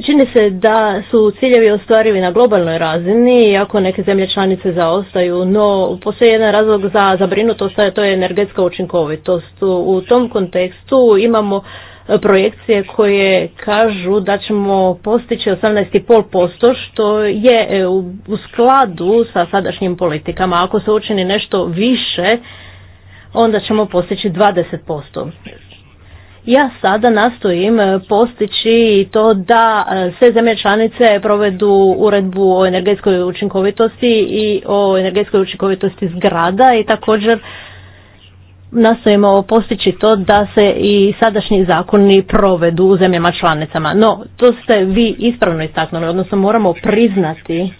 Čini se da su ciljevi ostvarivi na globalnoj razini, iako neke zemlje članice zaostaju, no postoji jedan razlog za zabrinutost, a to je energetska učinkovitost. U tom kontekstu imamo e, projekcije koje kažu da ćemo postići 18,5% što je e, u skladu sa sadašnjim politikama. Ako se učini nešto više, onda ćemo postići 20%. Ja sada nastojim e, postići to da e, sve zemlje članice provedu uredbu o energetskoj učinkovitosti i o energetskoj učinkovitosti zgrada i također nastojimo postići to da se i sadašnji zakoni provedu u zemljama članicama. No, to ste vi ispravno istaknuli, odnosno moramo priznati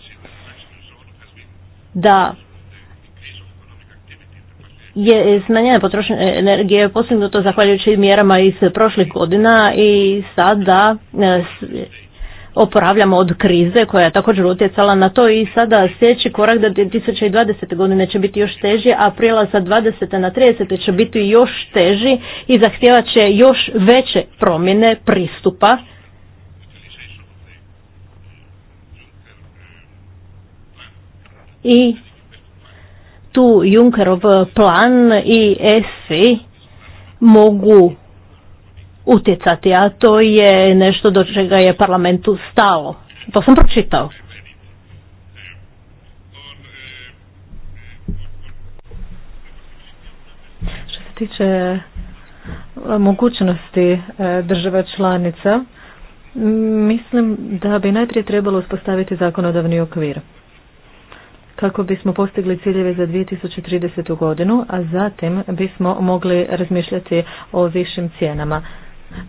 da je e, smanjenje potrošnje energije postignuto zahvaljujući mjerama iz prošlih godina i sada e, oporavljamo od krize koja je također utjecala na to i sada sljedeći korak da 2020. godine će biti još teži, a prijela sa 20. na 30. će biti još teži i zahtjevat će još veće promjene pristupa i tu Junkerov eh, plan i ESI mogu utjecati, a to je nešto do čega je parlamentu stalo. To sam pročitao. Što se tiče eh, mogućnosti eh, država članica, mislim da bi najprije trebalo uspostaviti zakonodavni okvir kako bismo postigli ciljeve za 2030. godinu, a zatim bismo mogli razmišljati o višim cijenama.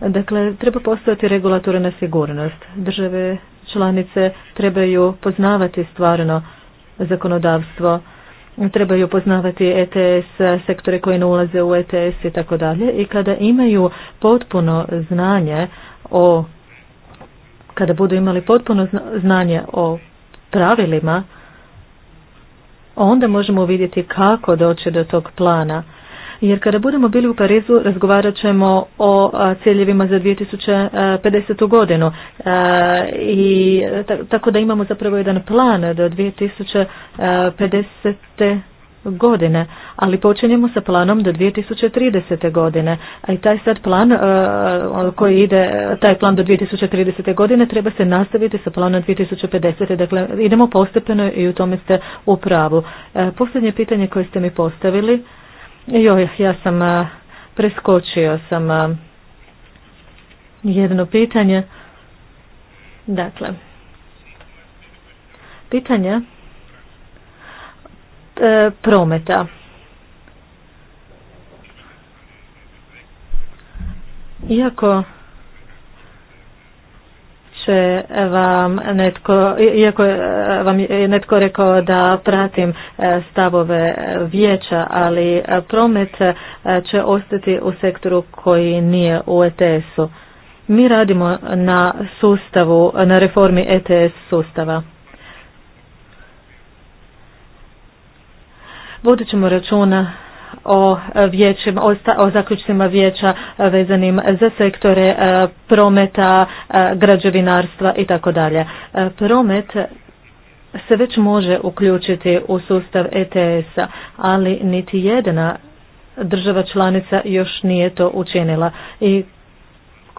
Dakle, treba postojati regulatorna sigurnost. Države članice trebaju poznavati stvarno zakonodavstvo, trebaju poznavati ETS, sektore koji ne ulaze u ETS i tako dalje. I kada imaju potpuno znanje o, kada budu imali potpuno znanje o pravilima, onda možemo vidjeti kako doći do tog plana. Jer kada budemo bili u Parizu, razgovarat ćemo o ciljevima za 2050. godinu. I tako da imamo zapravo jedan plan do 2050 godine, ali počinjemo sa planom do 2030. godine, a i taj sad plan e, koji ide, taj plan do 2030. godine treba se nastaviti sa planom 2050. Dakle, idemo postepeno i u tome ste u pravu. E, posljednje pitanje koje ste mi postavili, joj, ja sam e, preskočio sam jedno pitanje. Dakle, pitanje E, prometa. Iako će e, vam netko, iako e, vam je netko rekao da pratim stavove vijeća, ali promet će ostati u sektoru koji nije u ETS-u. Mi radimo na sustavu, na reformi ETS sustava. Vodit ćemo računa o vijećima, o zaključcima vijeća vezanim za sektore e, prometa, e, građevinarstva i tako dalje. E, promet se već može uključiti u sustav ETS-a, ali niti jedna država članica još nije to učinila i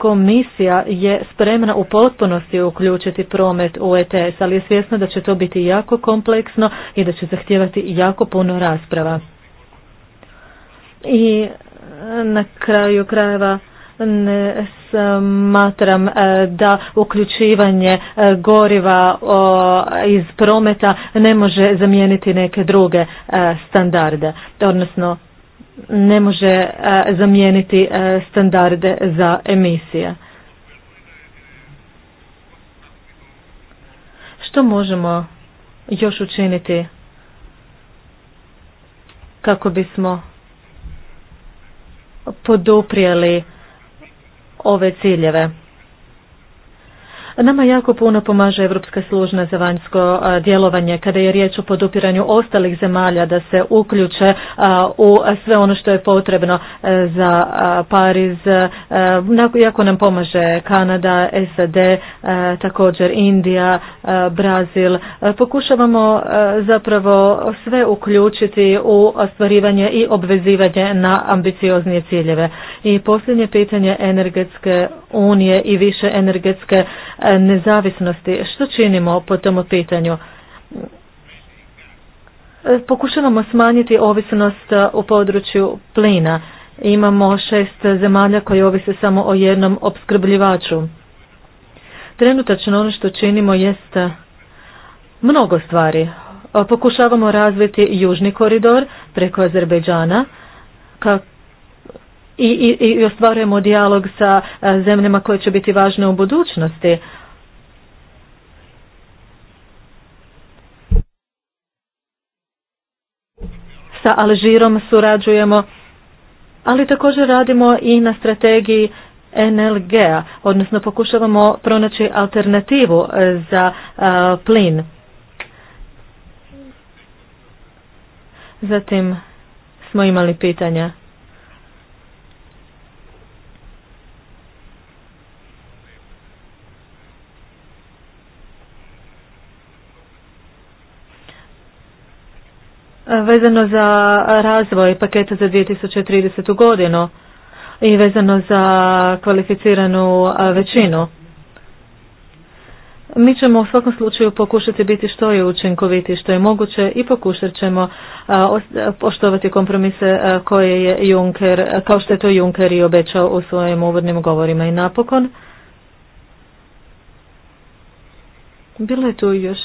komisija je spremna u potpunosti uključiti promet u ETS, ali je svjesna da će to biti jako kompleksno i da će zahtijevati jako puno rasprava. I na kraju krajeva ne smatram e, da uključivanje e, goriva iz prometa ne može zamijeniti neke druge e, standarde, odnosno ne može e, zamijeniti e, standarde za emisije. Što možemo još učiniti kako bismo poduprijeli ove ciljeve? Nama jako puno pomaže Evropska služna za vanjsko djelovanje kada je riječ o podupiranju ostalih zemalja da se uključe u sve ono što je potrebno e, za Pariz. E, jako nam pomaže Kanada, SAD, e, također Indija, Brazil. Pokušavamo zapravo sve uključiti u ostvarivanje i obvezivanje na ambicioznije ciljeve. I posljednje pitanje energetske unije i više energetske nezavisnosti. Što činimo po tom pitanju? Pokušavamo smanjiti ovisnost u području plina. Imamo šest zemalja koje ovise samo o jednom opskrbljivaču. Trenutačno ono što činimo jest mnogo stvari. Pokušavamo razviti južni koridor preko Azerbejdžana i, i, i ostvarujemo dijalog sa e, zemljama koje će biti važne u budućnosti. Sa Alžirom surađujemo, ali također radimo i na strategiji NLG-a, odnosno pokušavamo pronaći alternativu e, za e, plin. Zatim smo imali pitanja. vezano za razvoj paketa za 2030. godinu i vezano za kvalificiranu većinu. Mi ćemo u svakom slučaju pokušati biti što je učinkoviti, što je moguće i pokušat ćemo poštovati kompromise koje je Juncker, kao što je to Juncker i obećao u svojim uvodnim govorima i napokon. Bilo je tu još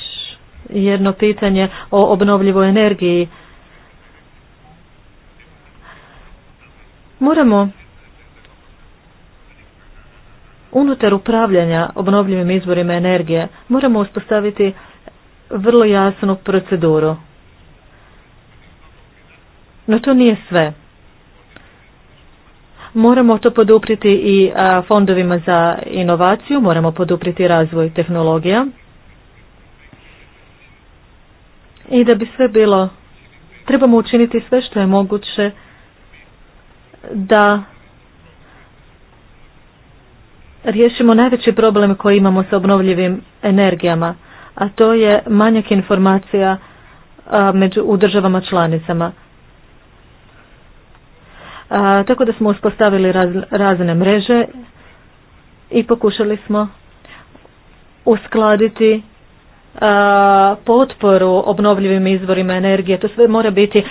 jedno pitanje o obnovljivoj energiji. Moramo unutar upravljanja obnovljivim izvorima energije moramo uspostaviti vrlo jasnu proceduru. No to nije sve. Moramo to poduprijeti i fondovima za inovaciju, moramo podupriti razvoj tehnologija i da bi sve bilo, trebamo učiniti sve što je moguće da riješimo najveći problem koji imamo sa obnovljivim energijama, a to je manjak informacija među, u državama članicama. A, tako da smo uspostavili razne mreže i pokušali smo uskladiti potporu obnovljivim izvorima energije. To sve mora biti,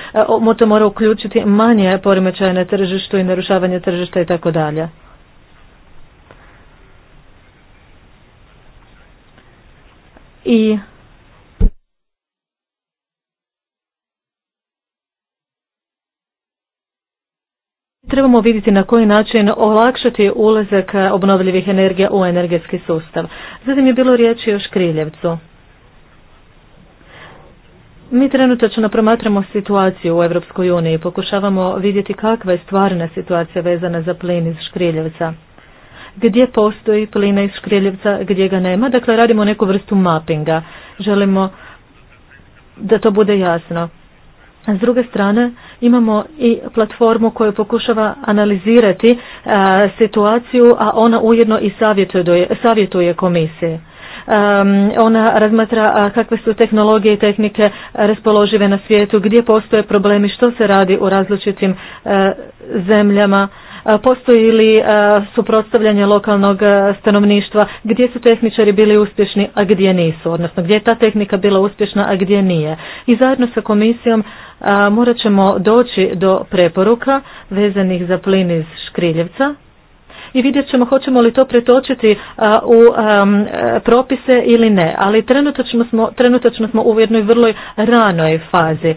to mora uključiti manje poremećaje na tržištu i narušavanje tržišta i tako dalje. I trebamo vidjeti na koji način olakšati ulazak obnovljivih energija u energetski sustav. Zatim je bilo riječi o škriljevcu. Mi trenutačno promatramo situaciju u Europskoj uniji. Pokušavamo vidjeti kakva je stvarna situacija vezana za plin iz Škriljevca. Gdje postoji plina iz Škriljevca, gdje ga nema. Dakle, radimo neku vrstu mappinga. Želimo da to bude jasno. S druge strane, imamo i platformu koja pokušava analizirati situaciju, a ona ujedno i savjetuje, savjetuje komisije. Ehm, ona razmatra kakve su tehnologije i tehnike raspoložive na svijetu, gdje postoje problemi, što se radi u različitim e, zemljama postoji li e, suprotstavljanje lokalnog e, stanovništva, gdje su tehničari bili uspješni, a gdje nisu, odnosno gdje je ta tehnika bila uspješna, a gdje nije. I zajedno sa komisijom morat ćemo doći do preporuka vezanih za plin iz Škriljevca, i vidjet ćemo hoćemo li to pretočiti u propise ili ne. Ali trenutačno smo, trenutačno smo u jednoj vrlo ranoj fazi.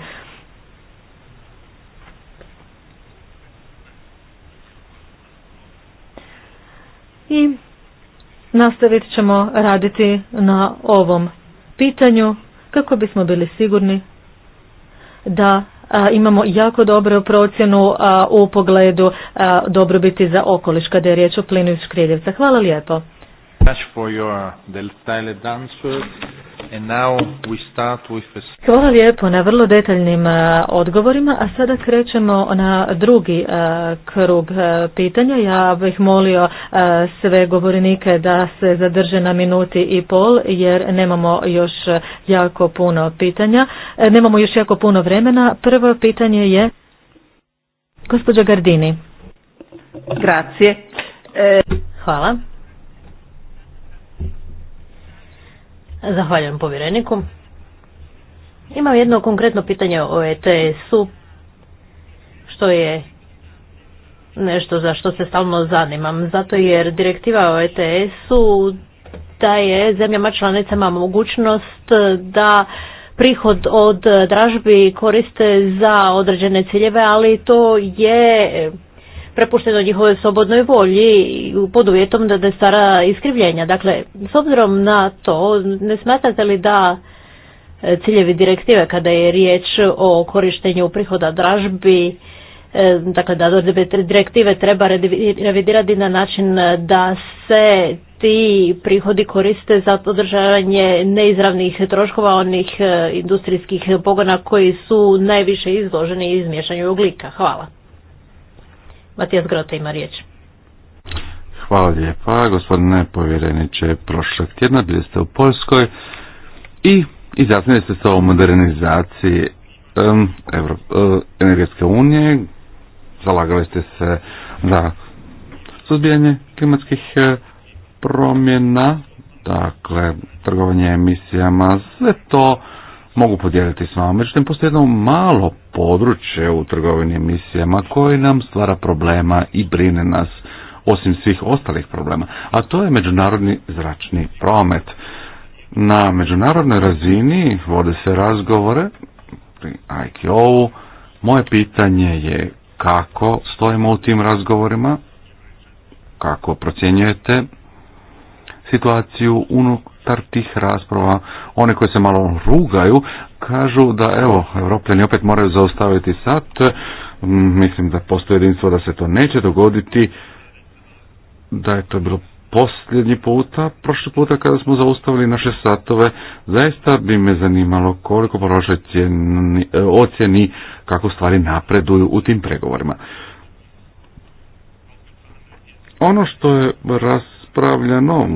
I nastavit ćemo raditi na ovom pitanju kako bismo bili sigurni da imamo jako dobru procjenu u pogledu dobrobiti za okoliš kada je riječ o plinu iz Hvala lijepo for Hvala lijepo na vrlo detaljnim e, odgovorima, a sada krećemo na drugi e, krug e, pitanja. Ja bih molio sve govornike da se zadrže na minuti i pol, jer nemamo još jako puno pitanja. Nemamo još jako puno vremena. Prvo pitanje je gospođa Gardini. Grazie. Hvala. Zahvaljujem povjereniku. Imam jedno konkretno pitanje o ETS-u, što je nešto za što se stalno zanimam, zato jer direktiva o ETS-u daje zemljama članicama mogućnost da prihod od dražbi koriste za određene ciljeve, ali to je prepušteno njihovoj slobodnoj volji pod uvjetom da ne stvara iskrivljenja. Dakle, s obzirom na to, ne smatrate li da e, ciljevi direktive kada je riječ o korištenju prihoda dražbi, e, dakle da direktive treba revidirati na način da se ti prihodi koriste za održavanje neizravnih troškova onih e, industrijskih pogona koji su najviše izloženi izmješanju uglika. Hvala. Matijas Grota ima riječ. Hvala lijepa, gospodine povjereniče. Prošlog tjedna bili ste u Poljskoj i izjasnili ste se o modernizaciji um, energetske unije, zalagali ste se za suzbijanje klimatskih e, promjena, dakle, trgovanje emisijama, sve to mogu podijeliti s vama. Međutim, postoje jedno malo područje u trgovini emisijama koje nam stvara problema i brine nas osim svih ostalih problema, a to je međunarodni zračni promet. Na međunarodnoj razini vode se razgovore pri IKO-u. Moje pitanje je kako stojimo u tim razgovorima, kako procjenjujete situaciju unutar tih rasprava. One koje se malo rugaju kažu da evo, Evropljani opet moraju zaustaviti sat. Mm, mislim da postoje jedinstvo da se to neće dogoditi. Da je to bilo posljednji puta, prošli puta kada smo zaustavili naše satove, zaista bi me zanimalo koliko prošle ocjeni kako stvari napreduju u tim pregovorima. Ono što je raz raspravljeno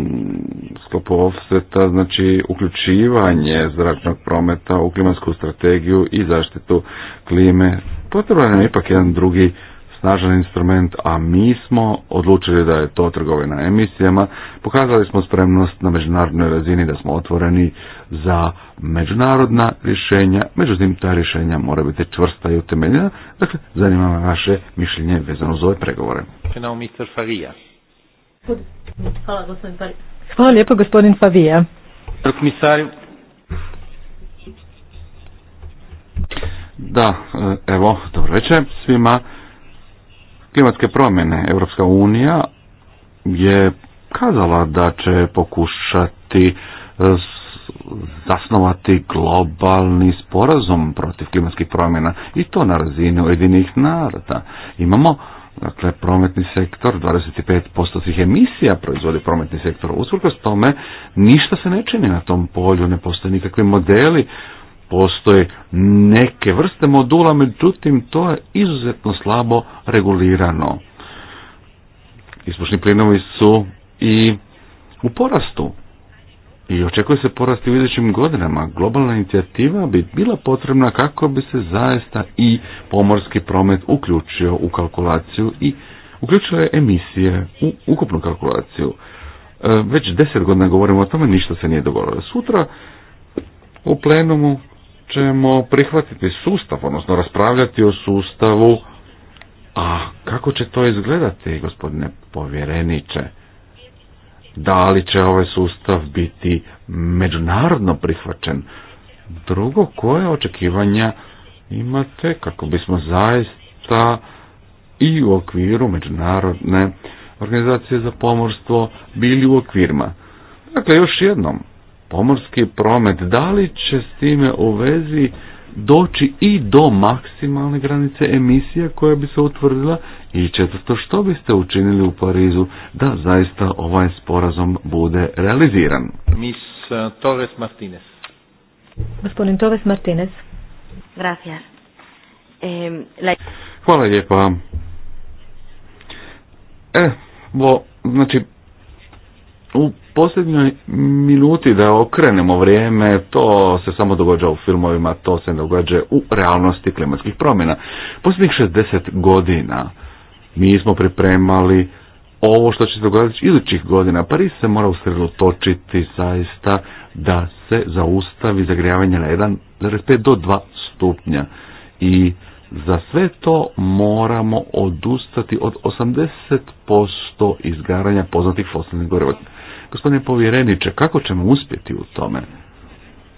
sklopu offseta, znači uključivanje zračnog prometa u klimatsku strategiju i zaštitu klime. Potreban je ipak jedan drugi snažan instrument, a mi smo odlučili da je to trgovina emisijama. Pokazali smo spremnost na međunarodnoj razini da smo otvoreni za međunarodna rješenja, međutim ta rješenja mora biti čvrsta i utemeljena. Dakle, zanima me vaše mišljenje vezano za ove pregovore. Faria. Hvala, gospodin Hvala lijepo, gospodin Favija. Da, evo, dobro večer svima. Klimatske promjene Europska unija je kazala da će pokušati e, zasnovati globalni sporazum protiv klimatskih promjena i to na razini Ujedinih naroda. Imamo Dakle, prometni sektor, 25% svih emisija proizvodi prometni sektor. s tome, ništa se ne čini na tom polju, ne postoje nikakvi modeli, postoje neke vrste modula, međutim, to je izuzetno slabo regulirano. Ispušni plinovi su i u porastu i očekuje se porasti u idućim godinama. Globalna inicijativa bi bila potrebna kako bi se zaista i pomorski promet uključio u kalkulaciju i uključio je emisije u ukupnu kalkulaciju. E, već deset godina govorimo o tome, ništa se nije dogodilo. Sutra u plenumu ćemo prihvatiti sustav, odnosno raspravljati o sustavu, a kako će to izgledati, gospodine povjereniče? da li će ovaj sustav biti međunarodno prihvaćen. Drugo, koje očekivanja imate kako bismo zaista i u okviru međunarodne organizacije za pomorstvo bili u okvirima. Dakle, još jednom, pomorski promet, da li će s time u vezi doći i do maksimalne granice emisija koja bi se utvrdila i četvrto što biste učinili u Parizu da zaista ovaj sporazum bude realiziran. Mis eh, Torres Martinez. Gospodin Torres Martinez. Gracias. E, Hvala lijepa. E, bo, znači, u posljednjoj minuti da okrenemo vrijeme, to se samo događa u filmovima, to se događa u realnosti klimatskih promjena. Posljednjih 60 godina mi smo pripremali ovo što će se dogoditi idućih godina. paris se mora usredotočiti zaista da se zaustavi zagrijavanje na 1,5 do 2 stupnja. I za sve to moramo odustati od 80% izgaranja poznatih fosilnih goriva. Gospodine povjereniče, kako ćemo uspjeti u tome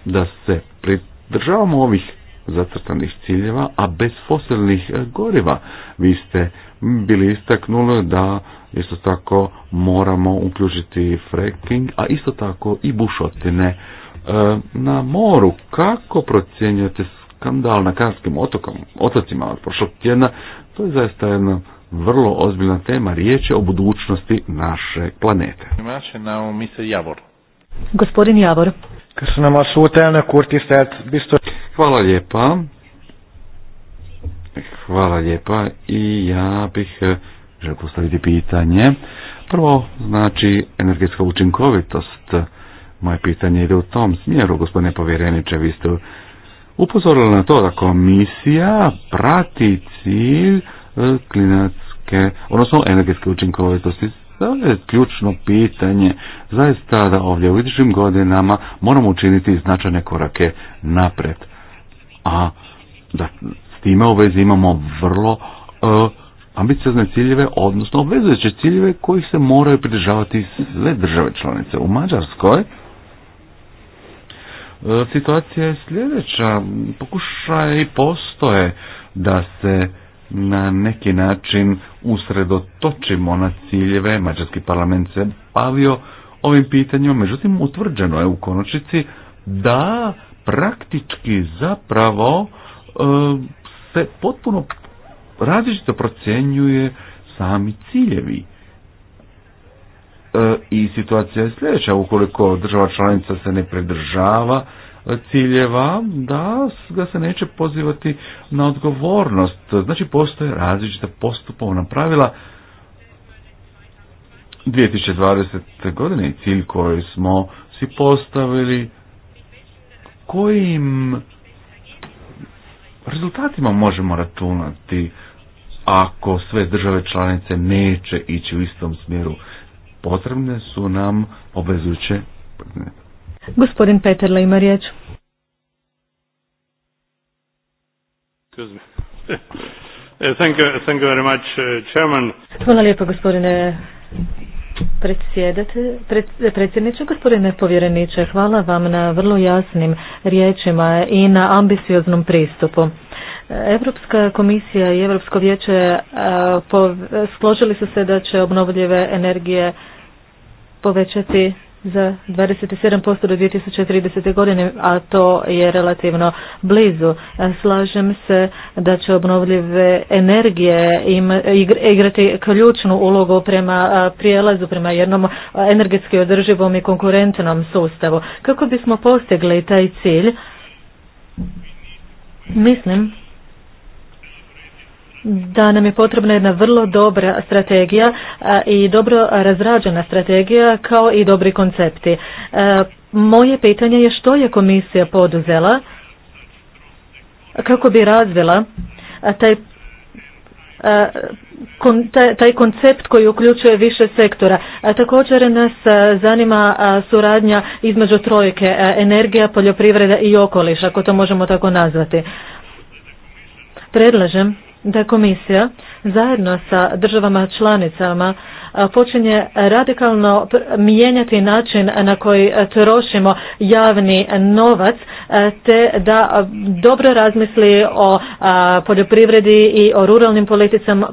da se pridržavamo ovih zacrtanih ciljeva, a bez fosilnih e, goriva? Vi ste bili istaknuli da isto tako moramo uključiti fracking, a isto tako i bušotine e, na moru. Kako procjenjujete skandal na Karskim otokom, otocima od prošlog tjedna? To je zaista jedno vrlo ozbiljna tema. Riječ je o budućnosti naše planete. na Javor. Gospodin Javor. Hvala lijepa. Hvala lijepa i ja bih eh, želio postaviti pitanje. Prvo, znači, energetska učinkovitost. Moje pitanje ide u tom smjeru, gospodine povjereniče, vi ste upozorili na to da komisija prati cilj klinatske odnosno energetske učinkovitosti. To je ključno pitanje. Zaista da ovdje u idućim godinama moramo učiniti značajne korake napred. A da s time u vezi imamo vrlo e, ambiciozne ciljeve, odnosno obvezujuće ciljeve koji se moraju pridržavati sve države članice. U Mađarskoj e, situacija je sljedeća. Pokušaj postoje da se na neki način usredotočimo na ciljeve. Mađarski parlament se bavio ovim pitanjima, međutim utvrđeno je u konačnici da praktički zapravo e, se potpuno različito procjenjuje sami ciljevi. E, I situacija je sljedeća, ukoliko država članica se ne pridržava ciljeva da ga se neće pozivati na odgovornost. Znači postoje različita postupovna pravila 2020. godine i cilj koji smo si postavili kojim rezultatima možemo računati ako sve države članice neće ići u istom smjeru. Potrebne su nam obvezujuće Gospodin Peterle ima riječ. Eh, thank you, thank you very much, eh, chairman. Hvala lijepo gospodine predsjedniče, gospodine povjereniče. Hvala vam na vrlo jasnim riječima i na ambicioznom pristupu. Europska komisija i Europsko vijeće eh, složili su se da će obnovljive energije povećati za 27% do 2030. godine, a to je relativno blizu. Slažem se da će obnovljive energije igrati ključnu ulogu prema prijelazu, prema jednom energetski održivom i konkurentnom sustavu. Kako bismo postigli taj cilj, mislim da nam je potrebna jedna vrlo dobra strategija e, i dobro razrađena strategija kao i dobri koncepti. E, moje pitanje je što je komisija poduzela kako bi razvila e, taj taj koncept koji uključuje više sektora. A također nas zanima suradnja između trojke, energija, poljoprivreda i okoliš, ako to možemo tako nazvati. Predlažem da komisija zajedno sa državama članicama počinje radikalno mijenjati način na koji trošimo javni novac te da dobro razmisli o poljoprivredi i o ruralnim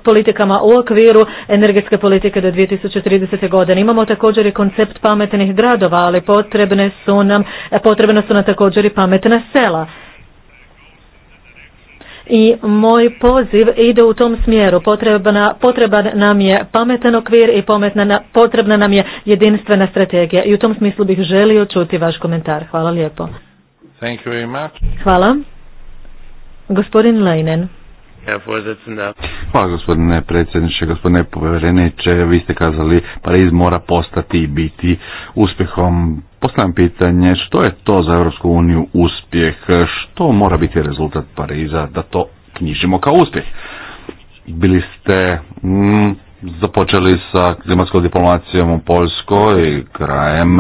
politikama u okviru energetske politike do 2030. godine. Imamo također i koncept pametnih gradova, ali potrebne su nam, potrebna su nam također i pametna sela i moj poziv ide u tom smjeru. Potrebna, potreban nam je pametan okvir i potrebna nam je jedinstvena strategija i u tom smislu bih želio čuti vaš komentar. Hvala lijepo. Thank you very much. Hvala. Gospodin Leinen. Hvala gospodine predsjedniče, gospodine povjereniče, vi ste kazali Pariz mora postati i biti uspjehom. Postavljam pitanje što je to za Europsku uniju uspjeh, što mora biti rezultat Pariza da to knjižimo kao uspjeh. Bili ste mm, započeli sa klimatskom diplomacijom u Poljskoj krajem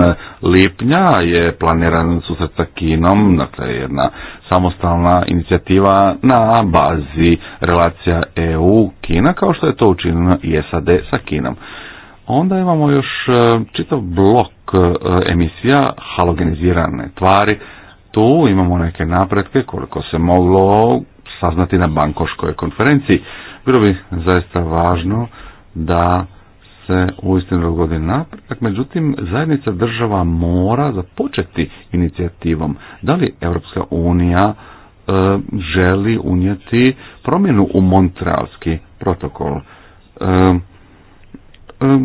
lipnja je planiran susret sa Kinom, dakle jedna samostalna inicijativa na bazi relacija EU-Kina kao što je to učinjeno i SAD sa Kinom. Onda imamo još e, čitav blok e, emisija halogenizirane tvari. Tu imamo neke napretke koliko se moglo saznati na bankoškoj konferenciji. Bilo bi zaista važno da se uistinu dogodi napredak, međutim zajednica država mora započeti inicijativom. Da li Europska unija e, želi unijeti promjenu u Montrealski protokol? E, e,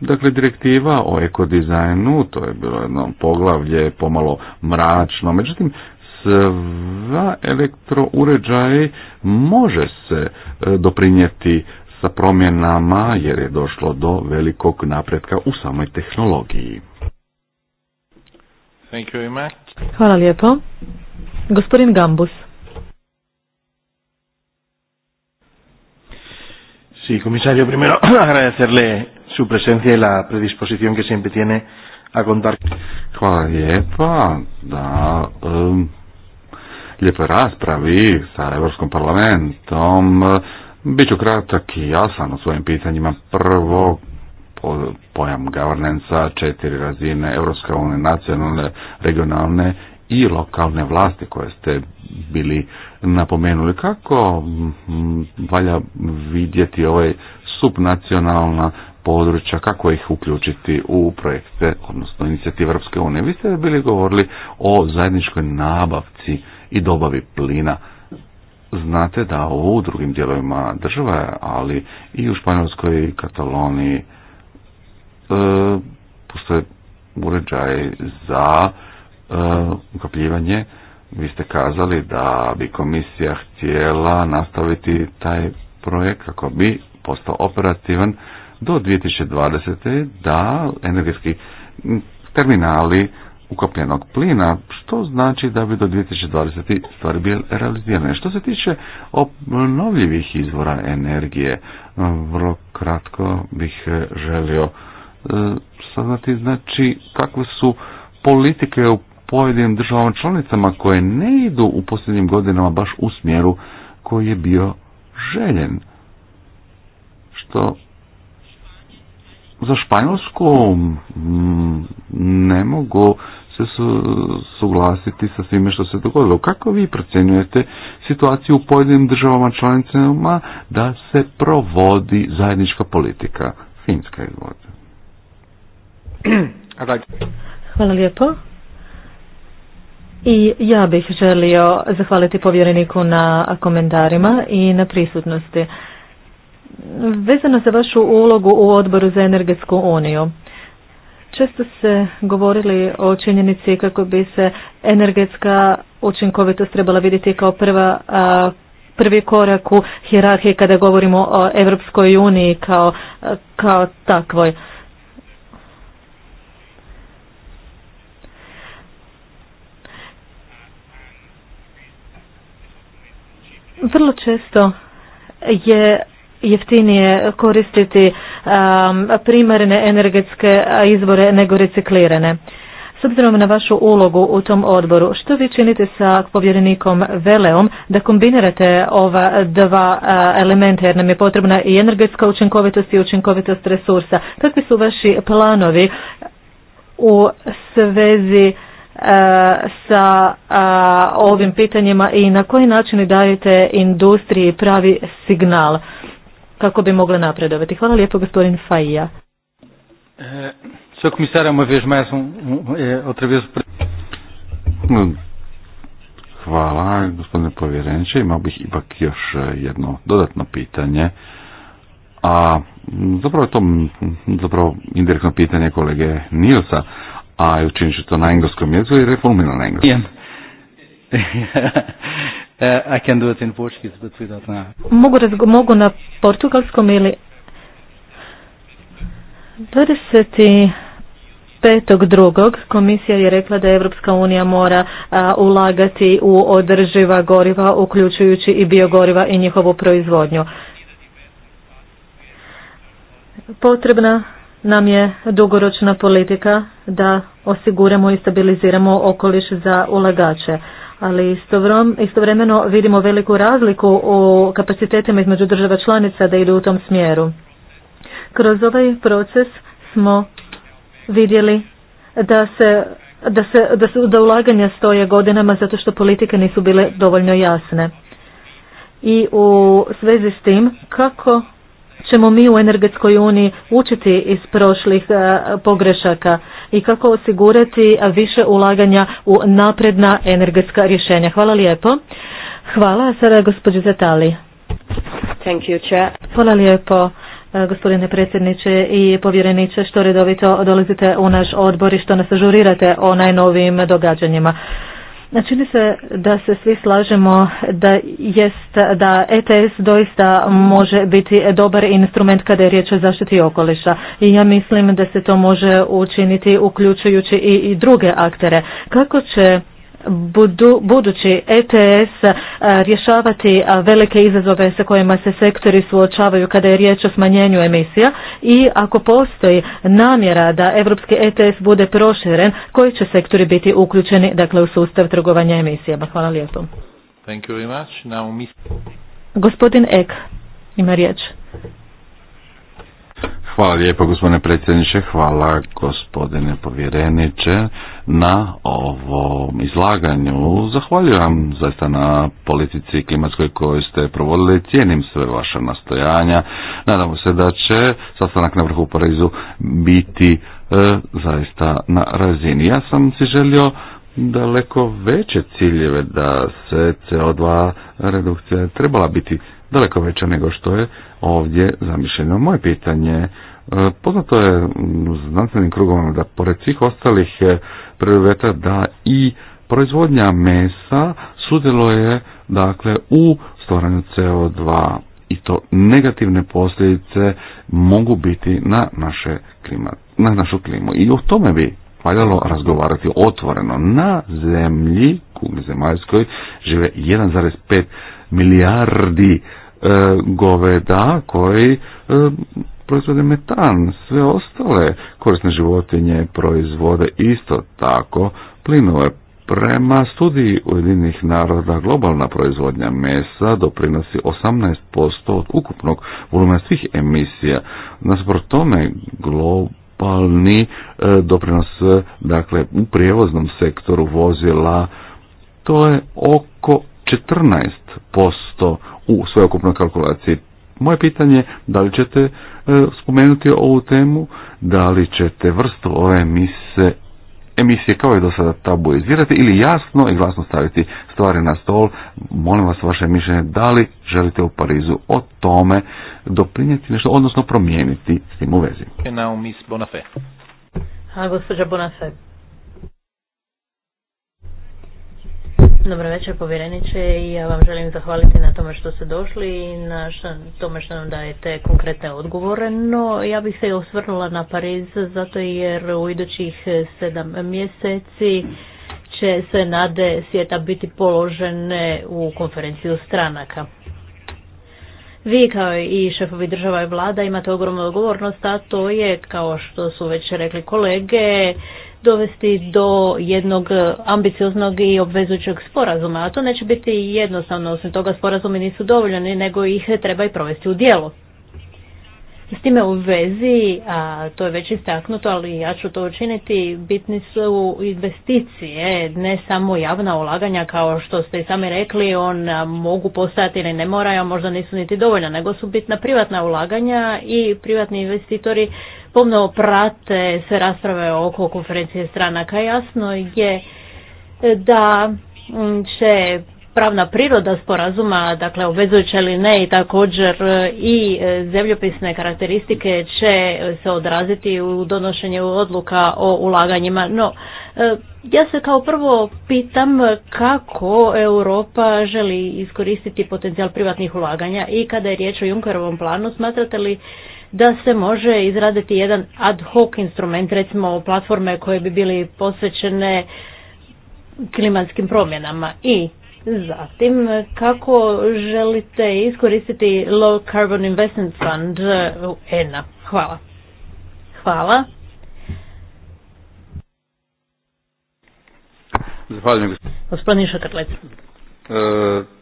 dakle, direktiva o ekodizajnu, to je bilo jedno poglavlje, pomalo mračno, međutim, sva elektrouređaj može se doprinijeti sa promjenama jer je došlo do velikog napretka u samoj tehnologiji. Thank you very much. Hvala lijepo. Gospodin Gambus. Sí, comisario, primero agradecerle su presencia y la predisposición que siempre tiene a contar. Hvala lijepa, da, um, lijepo raspravi sa Evropskom parlamentom Biću kratak i jasan u svojim pitanjima. Prvo, pojam governance četiri razine Europske nacionalne, regionalne i lokalne vlasti koje ste bili napomenuli. Kako mm, valja vidjeti ovaj subnacionalna područja, kako ih uključiti u projekte, odnosno inicijative Europske unije. Vi ste bili govorili o zajedničkoj nabavci i dobavi plina znate da u drugim dijelovima države, ali i u Španjolskoj i Kataloniji e, postoje uređaj za e, Vi ste kazali da bi komisija htjela nastaviti taj projekt kako bi postao operativan do 2020. da energetski terminali ukapljenog plina, što znači da bi do 2020. stvari bile realizirane. Što se tiče obnovljivih izvora energije, vrlo kratko bih e, želio e, saznati znači kakve su politike u pojedinim državama članicama koje ne idu u posljednjim godinama baš u smjeru koji je bio željen. Što za Španjolsku ne mogu se su, suglasiti sa svime što se dogodilo. Kako vi procjenjujete situaciju u pojedinim državama članicama da se provodi zajednička politika? Finska Hvala lijepo. I ja bih želio zahvaliti povjereniku na komentarima i na prisutnosti. Vezano za vašu ulogu u odboru za energetsku uniju. Često se govorili o činjenici kako bi se energetska učinkovitost trebala vidjeti kao prva prvi korak u hjerarhiji kada govorimo o Europskoj uniji kao, kao takvoj. Vrlo često je jeftinije koristiti Um, primarne energetske izvore nego reciklirane. S obzirom na vašu ulogu u tom odboru, što vi činite sa povjerenikom Veleom da kombinirate ova dva elementa jer nam je potrebna i energetska učinkovitost i učinkovitost resursa? Kakvi su vaši planovi u svezi sa ovim pitanjima i na koji način dajete industriji pravi signal kako bi mogle napredovati. Hvala lijepo gospodin Fajija. Eh, Sve Komisara, uma vežma, ja um, mm. Hvala, gospodine povjereniče. Imao bih ipak još eh, jedno dodatno pitanje. A zapravo je to zapravo indirektno pitanje kolege Nilsa, a učinit ću to na engleskom jeziku i reformirano na engleskom. Uh, I can do it in Mogu, mogu na portugalskom ili 25.2. komisija je rekla da Evropska unija mora ulagati u održiva goriva, uključujući i biogoriva i njihovu proizvodnju. Potrebna nam je dugoročna politika da osiguramo i stabiliziramo okoliš za ulagače ali istovremeno vidimo veliku razliku u kapacitetima između država članica da idu u tom smjeru. Kroz ovaj proces smo vidjeli da se da, se, da, su, da ulaganja stoje godinama zato što politike nisu bile dovoljno jasne. I u svezi s tim kako ćemo mi u energetskoj uniji učiti iz prošlih e, pogrešaka i kako osigurati više ulaganja u napredna energetska rješenja. Hvala lijepo. Hvala, sada gospođi Zetali. Thank you, Chair. Hvala lijepo e, gospodine predsjedniče i povjereniče što redovito dolazite u naš odbor i što nas ažurirate o najnovijim događanjima. Čini se da se svi slažemo da jest da ETS doista može biti dobar instrument kada je riječ o zaštiti okoliša i ja mislim da se to može učiniti uključujući i, i druge aktere. Kako će budu, budući ETS eh, rješavati eh, velike izazove sa kojima se sektori suočavaju kada je riječ o smanjenju emisija i ako postoji namjera da europski ETS bude proširen, koji će sektori biti uključeni dakle, u sustav trgovanja emisijama? Hvala lijepo. Thank Gospodin Ek ima riječ. Hvala lijepo gospodine predsjedniče, hvala gospodine povjereniče na ovom izlaganju. Zahvaljujem zaista na politici klimatskoj koju ste provodili. Cijenim sve vaše nastojanja. Nadamo se da će sastanak na vrhu u Parizu biti e, zaista na razini. Ja sam si želio daleko veće ciljeve da se CO2 redukcija trebala biti daleko veća nego što je ovdje zamišljeno. Moje pitanje E, poznato je znanstvenim krugovima da pored svih ostalih e, preduvjeta da i proizvodnja mesa je dakle u stvaranju CO2 i to negativne posljedice mogu biti na naše na našu klimu. I o tome bi valjalo razgovarati otvoreno. Na zemlji, kugli zemaljskoj, žive 1,5 milijardi e, goveda koji proizvode metan, sve ostale korisne životinje proizvode isto tako plinove. Prema studiji Ujedinih naroda globalna proizvodnja mesa doprinosi 18% od ukupnog volumena svih emisija. Nasprot tome globalni e, doprinos dakle, u prijevoznom sektoru vozila to je oko 14% u sveukupnoj kalkulaciji moje pitanje je da li ćete e, spomenuti ovu temu, da li ćete vrstu ove emise, emisije kao i do sada tabuizirati ili jasno i glasno staviti stvari na stol. Molim vas vaše mišljenje da li želite u Parizu o tome doprinijeti nešto, odnosno promijeniti s tim u vezi. Naomi gospođa Bonafé. Dobro večer povjereniče i ja vam želim zahvaliti na tome što ste došli i na tome što nam dajete konkretne odgovore. No ja bih se osvrnula na Pariz zato jer u idućih sedam mjeseci će se nade svijeta biti položene u konferenciju stranaka. Vi kao i šefovi država i vlada imate ogromnu odgovornost, a to je, kao što su već rekli kolege, dovesti do jednog e, ambicioznog i obvezujućeg sporazuma, a to neće biti jednostavno, osim toga sporazumi nisu dovoljni, nego ih treba i provesti u djelo. S time u vezi, a to je već istaknuto, ali ja ću to učiniti, bitni su investicije, ne samo javna ulaganja, kao što ste i sami rekli, on mogu postati ili ne moraju, a možda nisu niti dovoljna, nego su bitna privatna ulaganja i privatni investitori pomno prate sve rasprave oko konferencije stranaka. Jasno je da će pravna priroda sporazuma, dakle obvezujuća ili ne i također i e, zemljopisne karakteristike će se odraziti u donošenju odluka o ulaganjima. No, e, ja se kao prvo pitam kako Europa želi iskoristiti potencijal privatnih ulaganja i kada je riječ o Junkerovom planu, smatrate li da se može izraditi jedan ad hoc instrument, recimo platforme koje bi bili posvećene klimatskim promjenama i Zatim, kako želite iskoristiti Low Carbon Investment Fund eh, ENA? Hvala. Hvala. Zahvaljujem. Gospodin Šakrlec. Eh,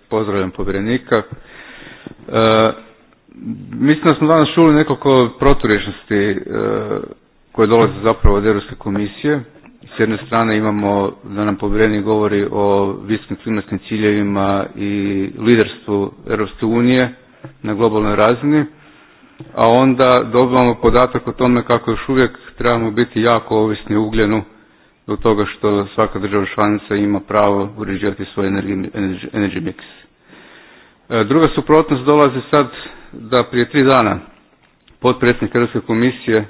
pozdravljam povjerenika. Eh, Mislim da smo danas čuli nekoliko proturječnosti e, koje dolaze zapravo od Europske komisije. S jedne strane imamo da nam povjerenik govori o visokim klimatskim ciljevima i liderstvu Europske unije na globalnoj razini, a onda dobivamo podatak o tome kako još uvijek trebamo biti jako ovisni u ugljenu do toga što svaka država članica ima pravo uređivati svoj energy, energy mix. E, druga suprotnost dolazi sad da prije tri dana potpredsjednik Europske komisije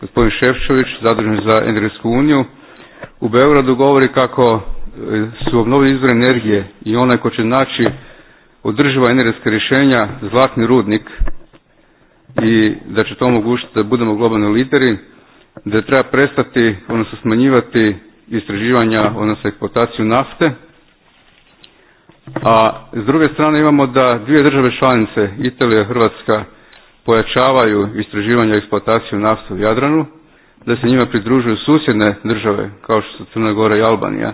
gospodin Ševčović, zadužen za Energetsku uniju, u Beogradu govori kako e, su obnovljivi izvori energije i onaj ko će naći održiva energetska rješenja zlatni rudnik i da će to omogućiti da budemo globalni lideri, da treba prestati, odnosno smanjivati istraživanja, odnosno eksploataciju nafte a s druge strane imamo da dvije države članice, Italija i Hrvatska, pojačavaju istraživanje i eksploataciju nafte u Jadranu, da se njima pridružuju susjedne države kao što su Crna Gora i Albanija.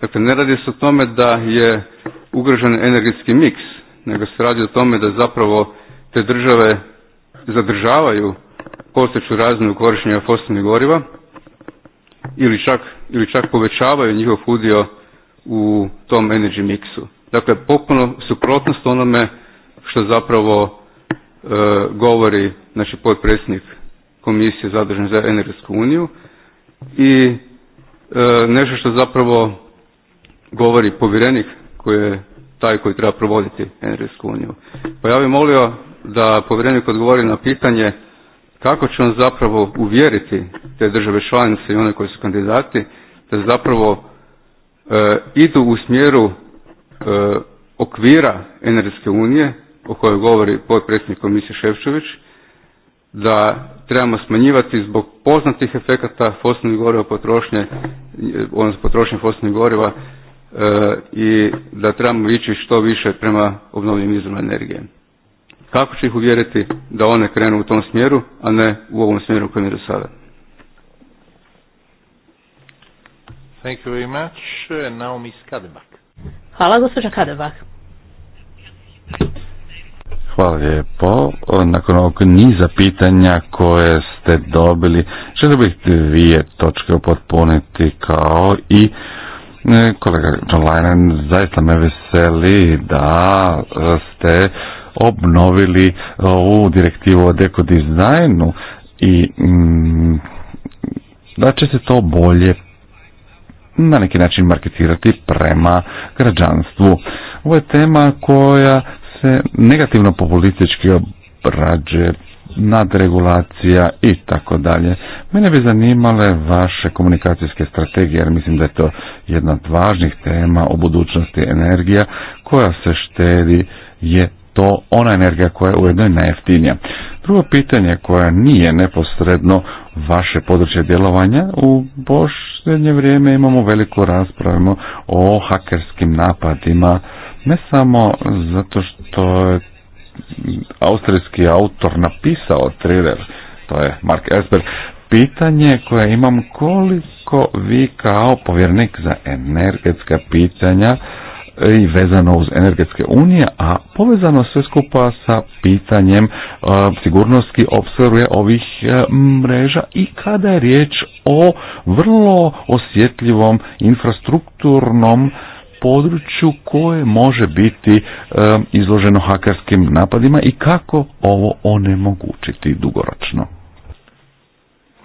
Dakle, ne radi se o tome da je ugrožen energetski miks, nego se radi o tome da zapravo te države zadržavaju postojeću razinu korištenja fosilnih goriva ili čak, ili čak povećavaju njihov udio u tom energy miksu. Dakle, potpuno suprotnost onome što zapravo e, govori znači potpredsjednik komisije zadužen za energetsku uniju i e, nešto što zapravo govori povjerenik koji je taj koji treba provoditi energetsku uniju. Pa ja bih molio da povjerenik odgovori na pitanje kako će on zapravo uvjeriti te države članice i one koji su kandidati da zapravo e, idu u smjeru E, okvira energetske unije o kojoj govori potpredsjednik komisije Ševčević, da trebamo smanjivati zbog poznatih efekata fosilnih goriva potrošnje, e, odnosno potrošnje fosilnih goriva e, i da trebamo ići što više prema obnovljivim izvorima energije. Kako će ih uvjeriti da one krenu u tom smjeru, a ne u ovom smjeru kojem je do sada? Thank you very much. now Hvala, gospođa Kadevah. Hvala lijepo. Nakon ovog niza pitanja koje ste dobili, želio bih dvije točke upotpuniti kao i e, kolega John zaista me veseli da ste obnovili ovu direktivu o dekodizajnu i mm, da će se to bolje na neki način marketirati prema građanstvu. Ovo je tema koja se negativno populistički obrađuje nadregulacija i tako dalje. Mene bi zanimale vaše komunikacijske strategije, jer mislim da je to jedna od važnih tema o budućnosti energija koja se štedi je to ona energija koja je ujedno i najjeftinija. Drugo pitanje koje nije neposredno vaše područje djelovanja u Boš zadnje vrijeme imamo veliku raspravu o hakerskim napadima, ne samo zato što je austrijski autor napisao thriller, to je Mark Esper, pitanje koje imam koliko vi kao povjernik za energetska pitanja i vezano uz energetske unije, a povezano sve skupa sa pitanjem e, sigurnosti observuje ovih e, mreža i kada je riječ o vrlo osjetljivom infrastrukturnom području koje može biti e, izloženo hakerskim napadima i kako ovo onemogućiti dugoročno.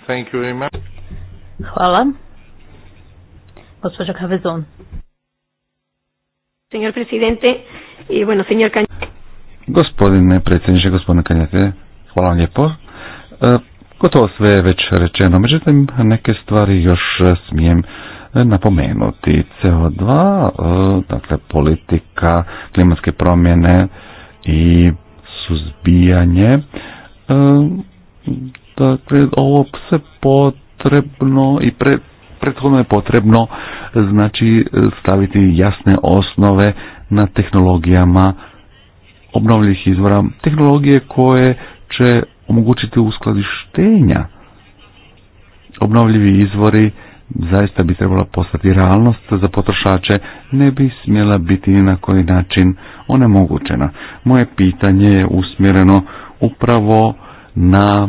Thank you very much. Hvala. Gospođa Kavezon. Señor presidente, i bueno, señor Gospodine predsjedniče, gospodine Kanjete, hvala vam lijepo. E, gotovo sve je već rečeno, međutim neke stvari još smijem e, napomenuti. CO2, e, dakle politika, klimatske promjene i suzbijanje, dakle ovo se potrebno i pre, prethodno je potrebno e, znači staviti jasne osnove na tehnologijama obnovljivih izvora, tehnologije koje će omogućiti uskladištenja. Obnovljivi izvori zaista bi trebala postati realnost za potrošače, ne bi smjela biti ni na koji način onemogućena. Moje pitanje je usmjereno upravo na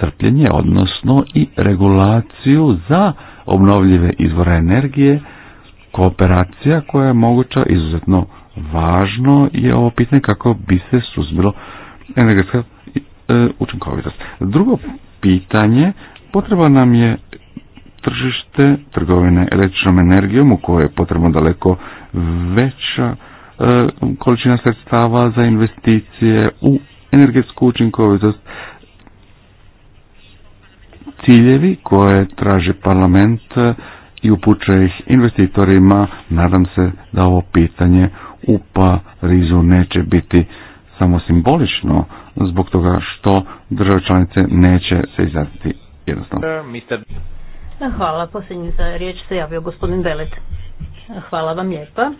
crpljenje, odnosno i regulaciju za obnovljive izvore energije, kooperacija koja je moguća izuzetno važno je ovo pitanje kako bi se suzbilo energetska e, učinkovitost. Drugo pitanje, potreba nam je tržište trgovine električnom energijom u kojoj je potrebno daleko veća e, količina sredstava za investicije u energetsku učinkovitost ciljevi koje traži parlament e, i upućuje ih investitorima, nadam se da ovo pitanje u Parizu neće biti samo simbolično zbog toga što države članice neće se izraziti jednostavno. E, e, hvala, posljednji za riječ se javio gospodin Belet. Hvala vam lijepa.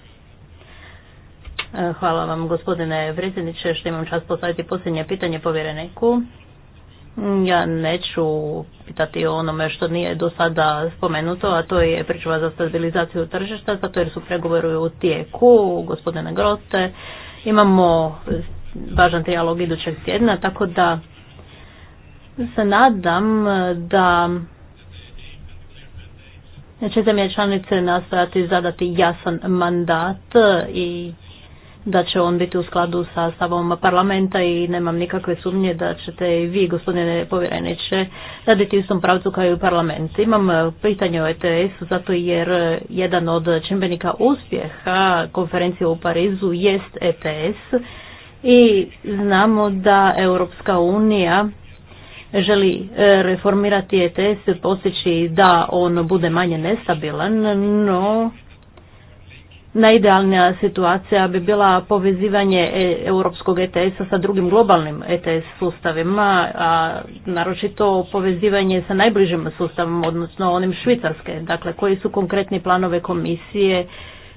Hvala vam gospodine predsjedniče što imam čas postaviti posljednje pitanje povjereniku. Mm, ja neću pitati o onome što nije do sada spomenuto, a to je pričuva za stabilizaciju tržišta, zato jer su pregovori u tijeku, gospodine Grote. Imamo važan trijalog idućeg tjedna, tako da se nadam da će zemlje članice nastojati zadati jasan mandat i da će on biti u skladu sa stavom parlamenta i nemam nikakve sumnje da ćete i vi, gospodine povjereniče, raditi u istom pravcu kao i u parlament. Imam e, pitanje o ETS-u zato jer e, jedan od čimbenika uspjeha konferencije u Parizu jest ETS i znamo da Europska unija želi e, reformirati ETS, postići da on bude manje nestabilan, no Najidealnija situacija bi bila povezivanje e, europskog ETS-a sa drugim globalnim ETS sustavima, a naročito povezivanje sa najbližim sustavom, odnosno onim švicarske. Dakle, koji su konkretni planove komisije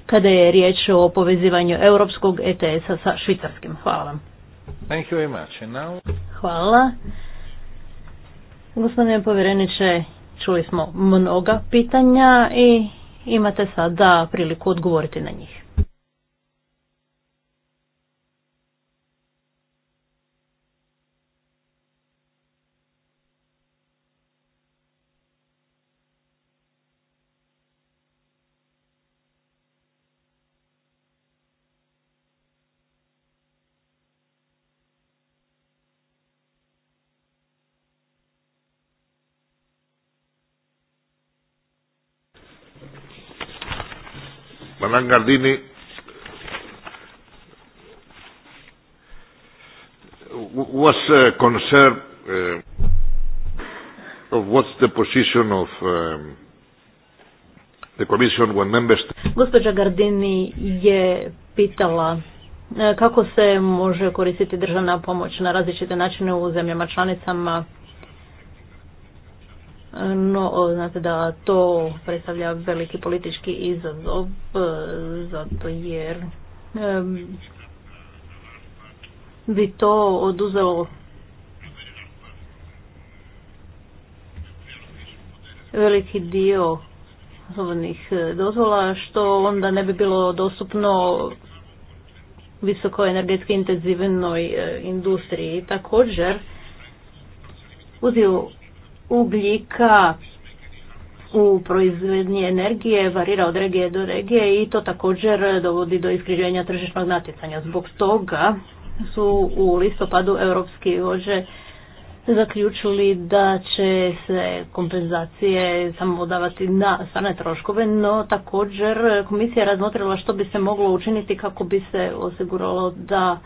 kada je riječ o povezivanju europskog ETS-a sa švicarskim? Hvala vam. Thank you very now... Hvala. Gospodine povjereniče, čuli smo mnoga pitanja i Imate sada priliku odgovoriti na njih. Hernán Gardini was concerned uh, of what's the position of um, the Commission when member Gospođa Gardini je pitala uh, kako se može koristiti državna pomoć na različite načine u zemljama članicama no, znate da to predstavlja veliki politički izazov, e, zato jer e, bi to oduzelo veliki dio zovnih e, dozvola, što onda ne bi bilo dostupno visoko intenzivnoj industriji. Također, uzio ugljika u proizvodnji energije varira od regije do regije i to također dovodi do iskriženja tržišnog natjecanja. Zbog toga su u listopadu europski vođe zaključili da će se kompenzacije samo davati na same troškove, no također komisija razmotrila što bi se moglo učiniti kako bi se osiguralo da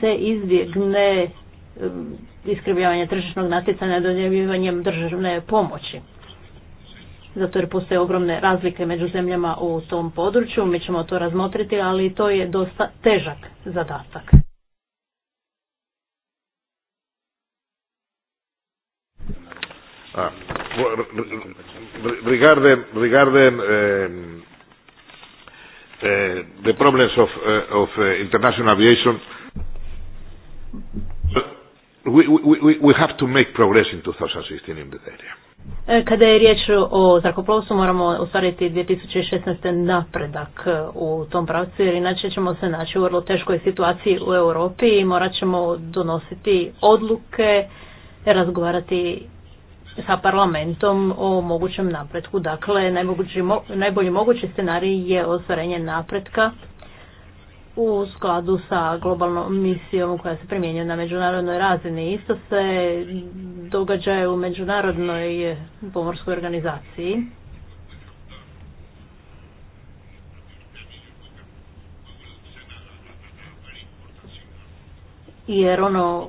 se izbjegne iskrivljavanje tržišnog natjecanja dodjeljivanjem državne pomoći. Zato jer postoje ogromne razlike među zemljama u tom području, mi ćemo to razmotriti, ali to je dosta težak zadatak. Ah, regarding regarding eh, the problems of eh, of eh, international aviation we, we, we have to make progress in 2016 in area. E, kada je riječ o zrakoplovstvu moramo ostvariti 2016. napredak e, u tom pravcu jer inače ćemo se naći u vrlo teškoj situaciji u Europi i morat ćemo donositi odluke, razgovarati sa parlamentom o mogućem napretku. Dakle, najbolji mogući scenarij je ostvarenje napretka u skladu sa globalnom misijom koja se primjenjuje na međunarodnoj razini. Isto se događa u međunarodnoj pomorskoj organizaciji. Jer ono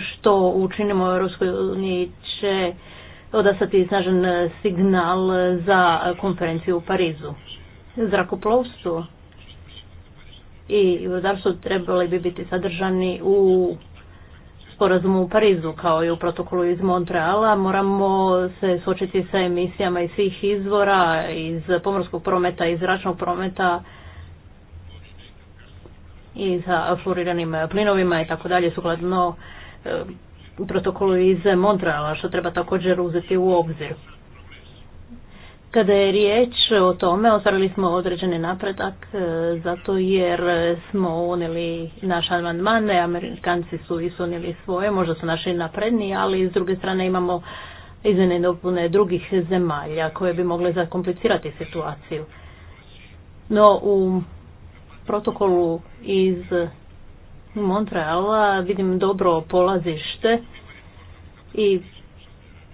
što učinimo u Europskoj uniji će odasati snažan signal za konferenciju u Parizu. Zrakoplovstvo i rudarstvo trebali bi biti sadržani u sporazumu u Parizu kao i u protokolu iz Montreala. Moramo se suočiti sa emisijama iz svih izvora, iz pomorskog prometa, iz zračnog prometa i sa fluoriranim plinovima i tako dalje sukladno eh, protokolu iz Montreala što treba također uzeti u obzir. Kada je riječ o tome, ostvarili smo određeni napredak e, zato jer smo unijeli naš amandman, Amerikanci su isunili svoje, možda su naši napredni, ali s druge strane imamo izmjene dopune drugih zemalja koje bi mogle zakomplicirati situaciju. No u protokolu iz Montreala vidim dobro polazište i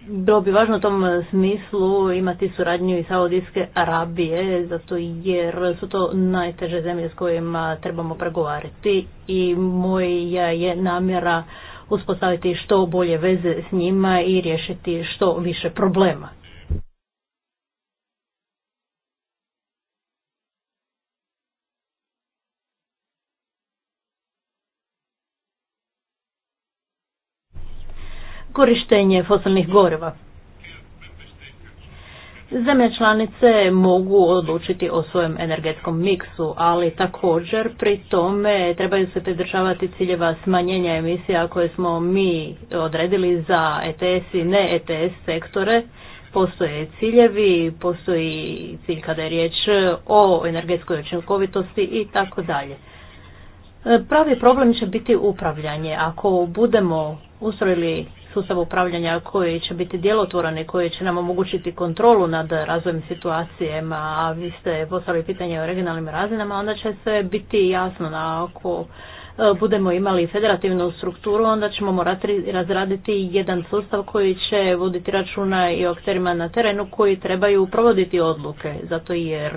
bilo bi važno u tom smislu imati suradnju i Saudijske Arabije, zato jer su to najteže zemlje s kojima trebamo pregovarati i moja je namjera uspostaviti što bolje veze s njima i riješiti što više problema. korištenje fosilnih goriva. Zemlje članice mogu odlučiti o svojem energetskom miksu, ali također pri tome trebaju se pridržavati ciljeva smanjenja emisija koje smo mi odredili za ETS i ne ETS sektore. Postoje ciljevi, postoji cilj kada je riječ o energetskoj učinkovitosti i tako dalje. Pravi problem će biti upravljanje. Ako budemo ustrojili sustav upravljanja koji će biti djelotvoran i koji će nam omogućiti kontrolu nad razvojem situacijama, a vi ste postavili pitanje o regionalnim razinama, onda će sve biti jasno na ako e, budemo imali federativnu strukturu, onda ćemo morati razraditi jedan sustav koji će voditi računa i o akterima na terenu koji trebaju provoditi odluke, zato jer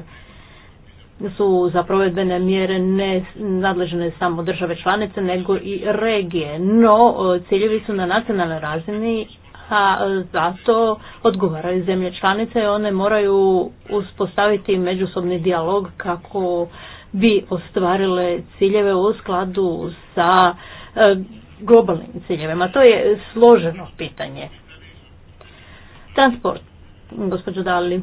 su za provedbene mjere ne nadležne samo države članice nego i regije. No, e, ciljevi su na nacionalnoj razini, a zato odgovaraju zemlje članice i one moraju uspostaviti međusobni dijalog kako bi ostvarile ciljeve u skladu sa e, globalnim ciljevima. To je složeno pitanje. Transport, gospođo Dali.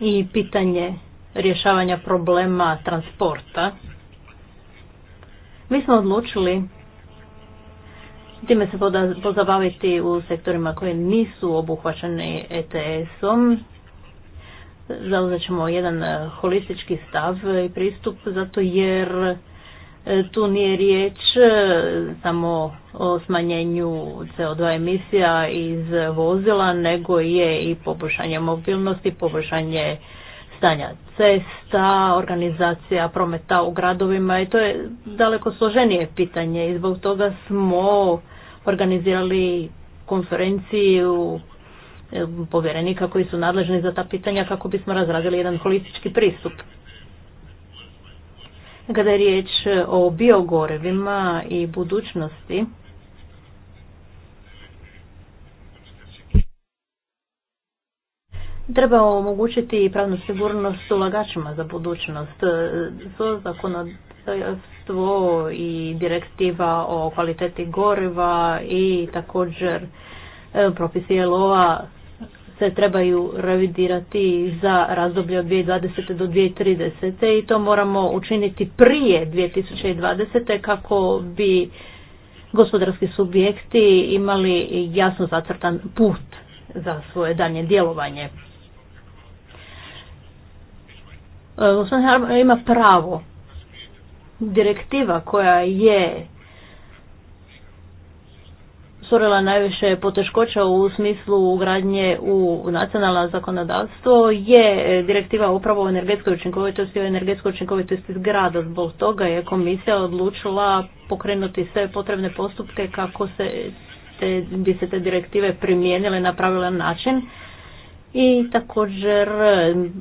i pitanje rješavanja problema transporta, mi smo odlučili time se pozabaviti u sektorima koji nisu obuhvaćeni ETS-om. Zauzet ćemo jedan holistički stav i pristup zato jer E, tu nije riječ e, samo o smanjenju CO2 emisija iz vozila, nego je i poboljšanje mobilnosti, poboljšanje stanja cesta, organizacija prometa u gradovima i to je daleko složenije pitanje i zbog toga smo organizirali konferenciju e, povjerenika koji su nadležni za ta pitanja kako bismo razradili jedan politički pristup. Kada je riječ e, o biogorevima i budućnosti, treba omogućiti pravnu sigurnost ulagačima za budućnost. E, svo zakonodajstvo i direktiva o kvaliteti goriva i također e, propisi se trebaju revidirati za razdoblje od 2020. do 2030. i to moramo učiniti prije 2020. kako bi gospodarski subjekti imali jasno zacrtan put za svoje danje djelovanje. E, gospodin ima pravo. Direktiva koja je stvorila najviše poteškoća u smislu ugradnje u nacionalno zakonodavstvo je direktiva upravo o energetskoj učinkovitosti i o energetskoj učinkovitosti zgrada. Zbog toga je komisija odlučila pokrenuti sve potrebne postupke kako se te, bi se te direktive primijenile na pravilan način i također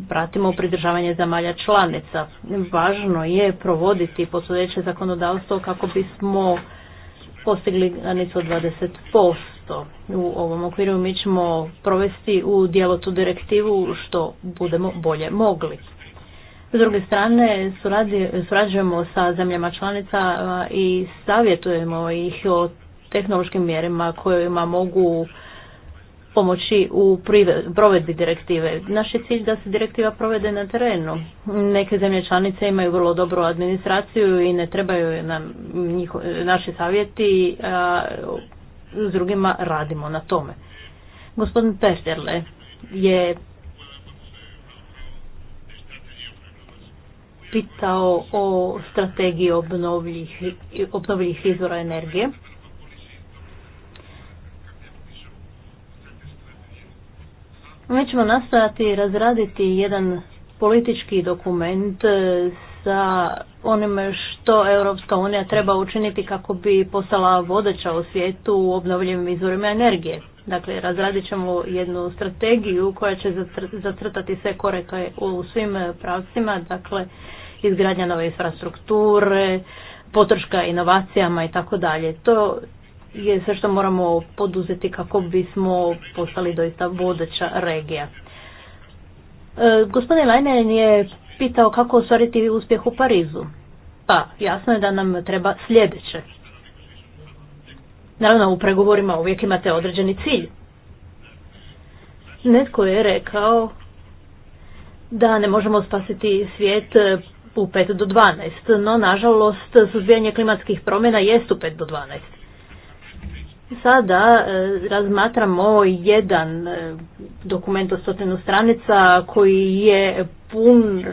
pratimo pridržavanje zamalja članica. Važno je provoditi postojeće zakonodavstvo kako bismo postigli granicu od 20%. U ovom okviru mi ćemo provesti u dijelo tu direktivu što budemo bolje mogli. S druge strane, surađujemo sa zemljama članica i savjetujemo ih o tehnološkim mjerima kojima mogu pomoći u provedbi direktive. Naš je cilj da se direktiva provede na terenu. Neke zemlje članice imaju vrlo dobru administraciju i ne trebaju nam njiho, naši savjeti, a s drugima radimo na tome. Gospodin Pesterle je pitao o strategiji obnovljivih izvora energije. Mi ćemo nastojati razraditi jedan politički dokument e, sa onime što Europska unija treba učiniti kako bi postala vodeća u svijetu u obnovljivim izvorima energije. Dakle, razradit ćemo jednu strategiju koja će zacrtati sve koreka u svim pravcima, dakle, izgradnja nove infrastrukture, potrška inovacijama i tako dalje. To je sve što moramo poduzeti kako bismo postali doista vodeća regija. E, gospodin Leinen je pitao kako ostvariti uspjeh u Parizu. Pa, jasno je da nam treba sljedeće. Naravno, u pregovorima uvijek imate određeni cilj. Netko je rekao da ne možemo spasiti svijet u 5 do 12, no nažalost suzbijanje klimatskih promjena jest u 5 do 12. Sada e, razmatramo jedan e, dokument od stotinu stranica koji je pun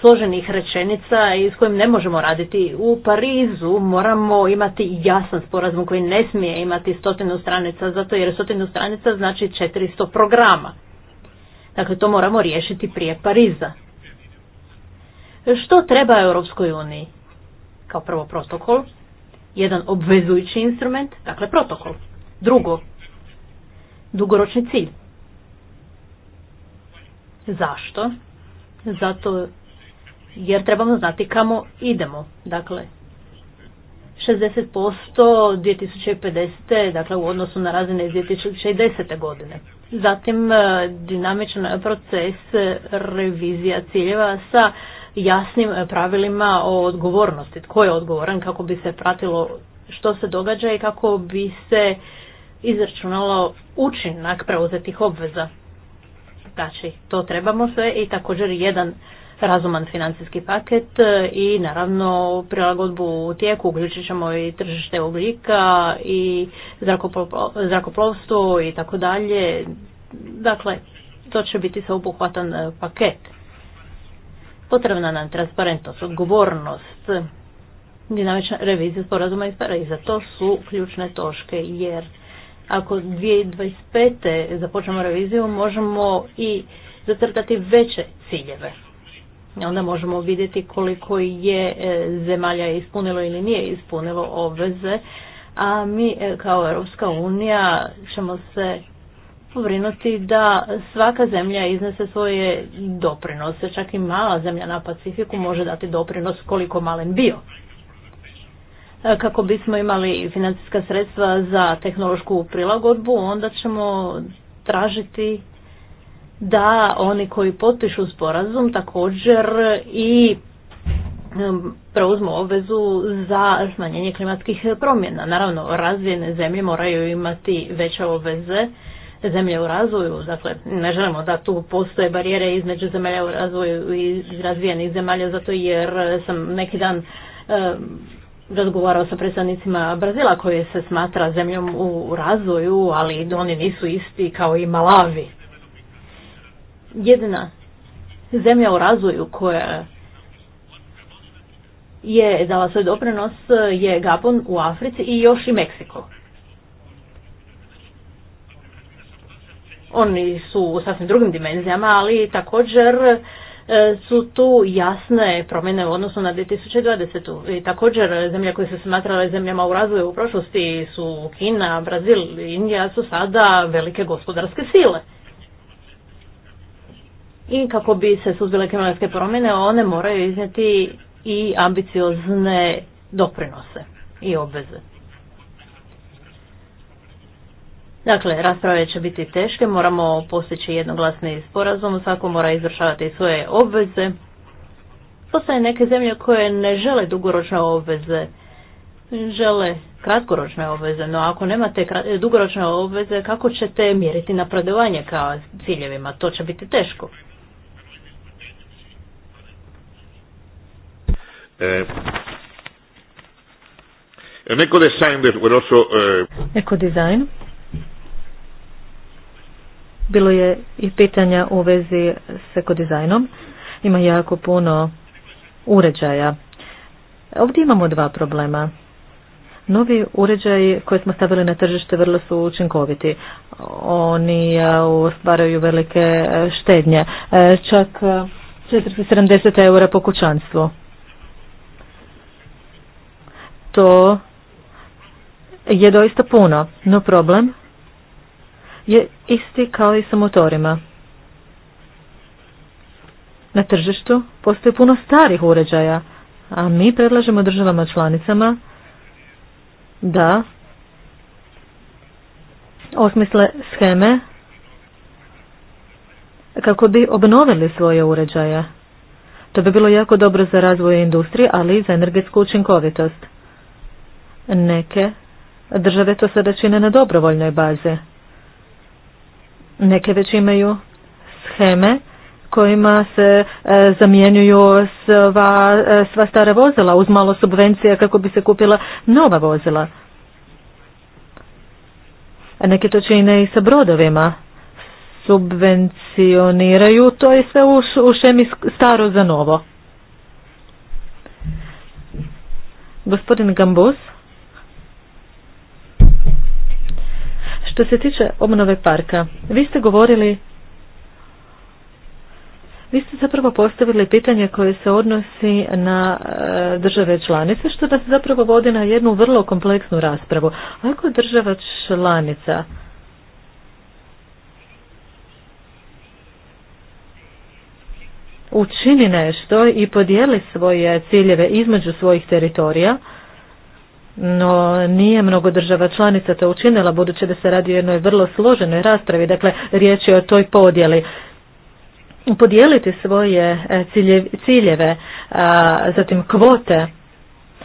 složenih rečenica i s kojim ne možemo raditi. U Parizu moramo imati jasan sporazum koji ne smije imati stotinu stranica, zato jer stotinu stranica znači 400 programa. Dakle, to moramo riješiti prije Pariza. Što treba Europskoj uniji? Kao prvo protokol, jedan obvezujući instrument, dakle protokol. Drugo, dugoročni cilj. Zašto? Zato jer trebamo znati kamo idemo. Dakle, 60% 2050. dakle u odnosu na razine iz 2010. godine. Zatim e, dinamičan proces revizija ciljeva sa jasnim e, pravilima o odgovornosti, tko je odgovoran, kako bi se pratilo što se događa i kako bi se izračunalo učinak preuzetih obveza. Znači, to trebamo sve i također jedan razuman financijski paket e, i naravno prilagodbu u tijeku uključit ćemo i tržište oblika i zrakoplovstvo i tako dalje. Dakle, to će biti sveobuhvatan e, paket. Potrebna nam transparentnost, odgovornost, dinamična revizija sporazuma i za To su ključne točke jer ako 2025. započnemo reviziju možemo i zacrtati veće ciljeve. Onda možemo vidjeti koliko je e, zemalja ispunilo ili nije ispunilo obveze, a mi e, kao Europska unija ćemo se pobrinuti da svaka zemlja iznese svoje doprinose. Čak i mala zemlja na Pacifiku može dati doprinos koliko malen bio. E, kako bismo imali financijska sredstva za tehnološku prilagodbu, onda ćemo tražiti da oni koji potpišu sporazum također i preuzmu obvezu za smanjenje klimatskih promjena. Naravno, razvijene zemlje moraju imati veće obveze zemlje u razvoju. Dakle, ne želimo da tu postoje barijere između zemalja u razvoju i razvijenih zemalja, zato jer sam neki dan eh, razgovarao sa predstavnicima Brazila koje se smatra zemljom u razvoju, ali oni nisu isti kao i Malavi. Jedina zemlja u razvoju koja je dala svoj doprinos je Gabon u Africi i još i Meksiko. Oni su u sasvim drugim dimenzijama, ali također e, su tu jasne promjene u odnosu na 2020. I također zemlje koje su smatrale zemljama u razvoju u prošlosti su Kina, Brazil, Indija su sada velike gospodarske sile. I kako bi se suzbile klimatske promjene, one moraju iznijeti i ambiciozne doprinose i obveze. Dakle, rasprave će biti teške, moramo postići jednoglasni sporazum, svako mora izvršavati svoje obveze. Postoje neke zemlje koje ne žele dugoročne obveze, žele kratkoročne obveze, no ako nemate dugoročne obveze, kako ćete mjeriti napredovanje kao ciljevima? To će biti teško. E... Eh, eh, dizajn. Bilo je i pitanja u vezi s ekodizajnom. Ima jako puno uređaja. Ovdje imamo dva problema. Novi uređaji koje smo stavili na tržište vrlo su učinkoviti. Oni ostvaraju e, velike e, štednje. E, čak 470 eura po kućanstvu. To je doista puno, no problem je isti kao i sa motorima. Na tržištu postoji puno starih uređaja, a mi predlažemo državama članicama da osmisle scheme kako bi obnovili svoje uređaje. To bi bilo jako dobro za razvoj industrije, ali i za energetsku učinkovitost. Neke države to sada čine na dobrovoljnoj bazi. Neke već imaju scheme kojima se e, zamjenjuju sva, e, sva stara vozila uz malo subvencija kako bi se kupila nova vozila. A neke to čine i sa brodovima. Subvencioniraju, to je sve u, u šemi staro za novo. Gospodin Gambus. Što se tiče obnove parka, vi ste govorili, vi ste zapravo postavili pitanje koje se odnosi na e, države članice, što da se zapravo vodi na jednu vrlo kompleksnu raspravu. Ako država članica učini nešto i podijeli svoje ciljeve između svojih teritorija, no nije mnogo država članica to učinila budući da se radi o jednoj vrlo složenoj raspravi, dakle riječ je o toj podjeli. Podijeliti svoje e, ciljeve, a, zatim kvote,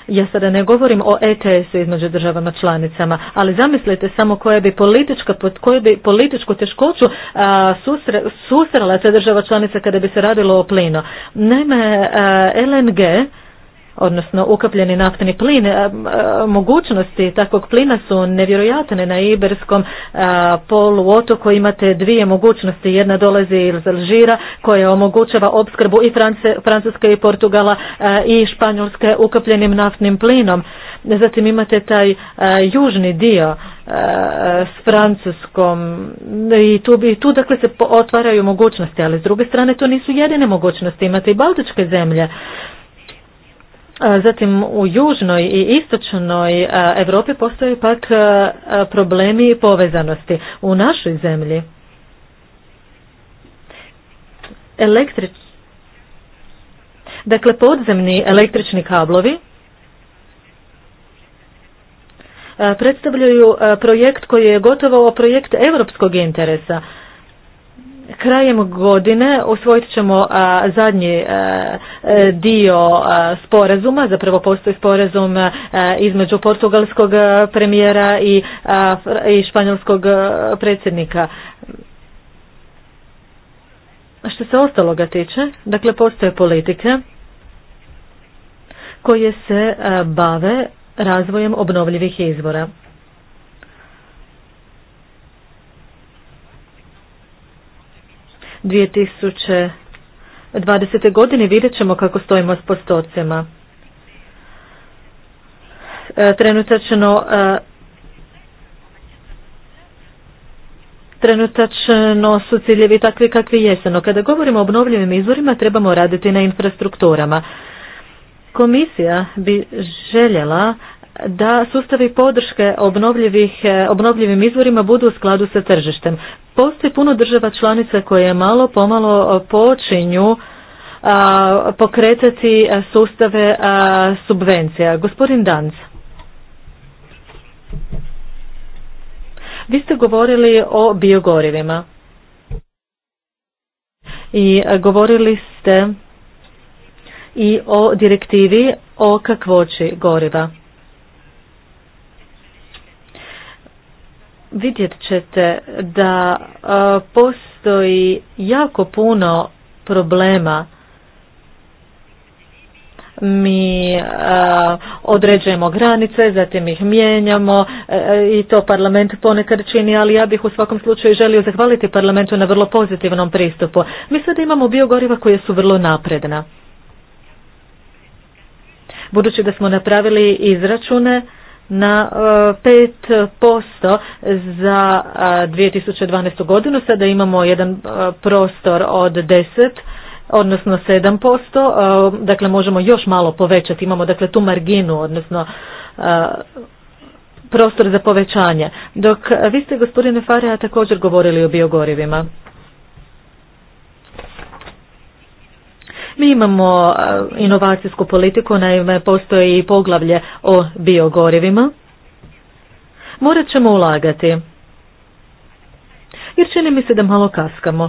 ja sada ne govorim o ETS-u između državama članicama, ali zamislite samo koja bi politička, pod bi političku teškoću susrela ta država članica kada bi se radilo o plino. Naime, LNG odnosno ukapljeni naftni plin. E, e, mogućnosti takvog plina su nevjerojatne na Iberskom e, poluotoku. Imate dvije mogućnosti. Jedna dolazi iz Alžira koja omogućava opskrbu i France, Francuske i Portugala i Španjolske ukapljenim naftnim plinom. Zatim imate taj južni dio s Francuskom i tu, i tu dakle se otvaraju mogućnosti, ali s druge strane to nisu jedine mogućnosti, imate i baltičke zemlje Zatim u južnoj i istočnoj Europi postoje pak problemi povezanosti. U našoj zemlji električ dakle podzemni električni kablovi predstavljaju projekt koji je gotovo projekt europskog interesa. Krajem godine usvojit ćemo a, zadnji e, e, dio a, sporazuma, zapravo postoji sporazum e, između portugalskog premijera i, i španjolskog predsjednika. Što se ostaloga tiče, dakle postoje politike koje se bave razvojem obnovljivih izvora. 2020. godine vidjet ćemo kako stojimo s postocima. E, trenutačno e, trenutačno su ciljevi takvi kakvi jesu no Kada govorimo o obnovljivim izvorima, trebamo raditi na infrastrukturama. Komisija bi željela da sustavi podrške e, obnovljivim izvorima budu u skladu sa tržištem. Postoji puno država članica koje malo pomalo e, počinju pokretati e, sustave subvencija. Gospodin Danc. Vi ste govorili o biogorivima i govorili ste i o direktivi o kakvoći goriva. vidjet ćete da e, postoji jako puno problema mi e, određujemo granice, zatim ih mijenjamo e, i to parlament ponekad čini, ali ja bih u svakom slučaju želio zahvaliti parlamentu na vrlo pozitivnom pristupu. Mi sada imamo biogoriva koje su vrlo napredna. Budući da smo napravili izračune, na 5% e, za 2012. E, godinu. Sada imamo jedan e, prostor od 10% odnosno 7%, dakle možemo još malo povećati, imamo dakle tu marginu, odnosno prostor za povećanje. Dok vi ste, gospodine Fareja, također govorili o biogorivima. Mi imamo e, inovacijsku politiku, naime postoji i poglavlje o biogorivima. Morat ćemo ulagati, jer čini mi se da malo kaskamo.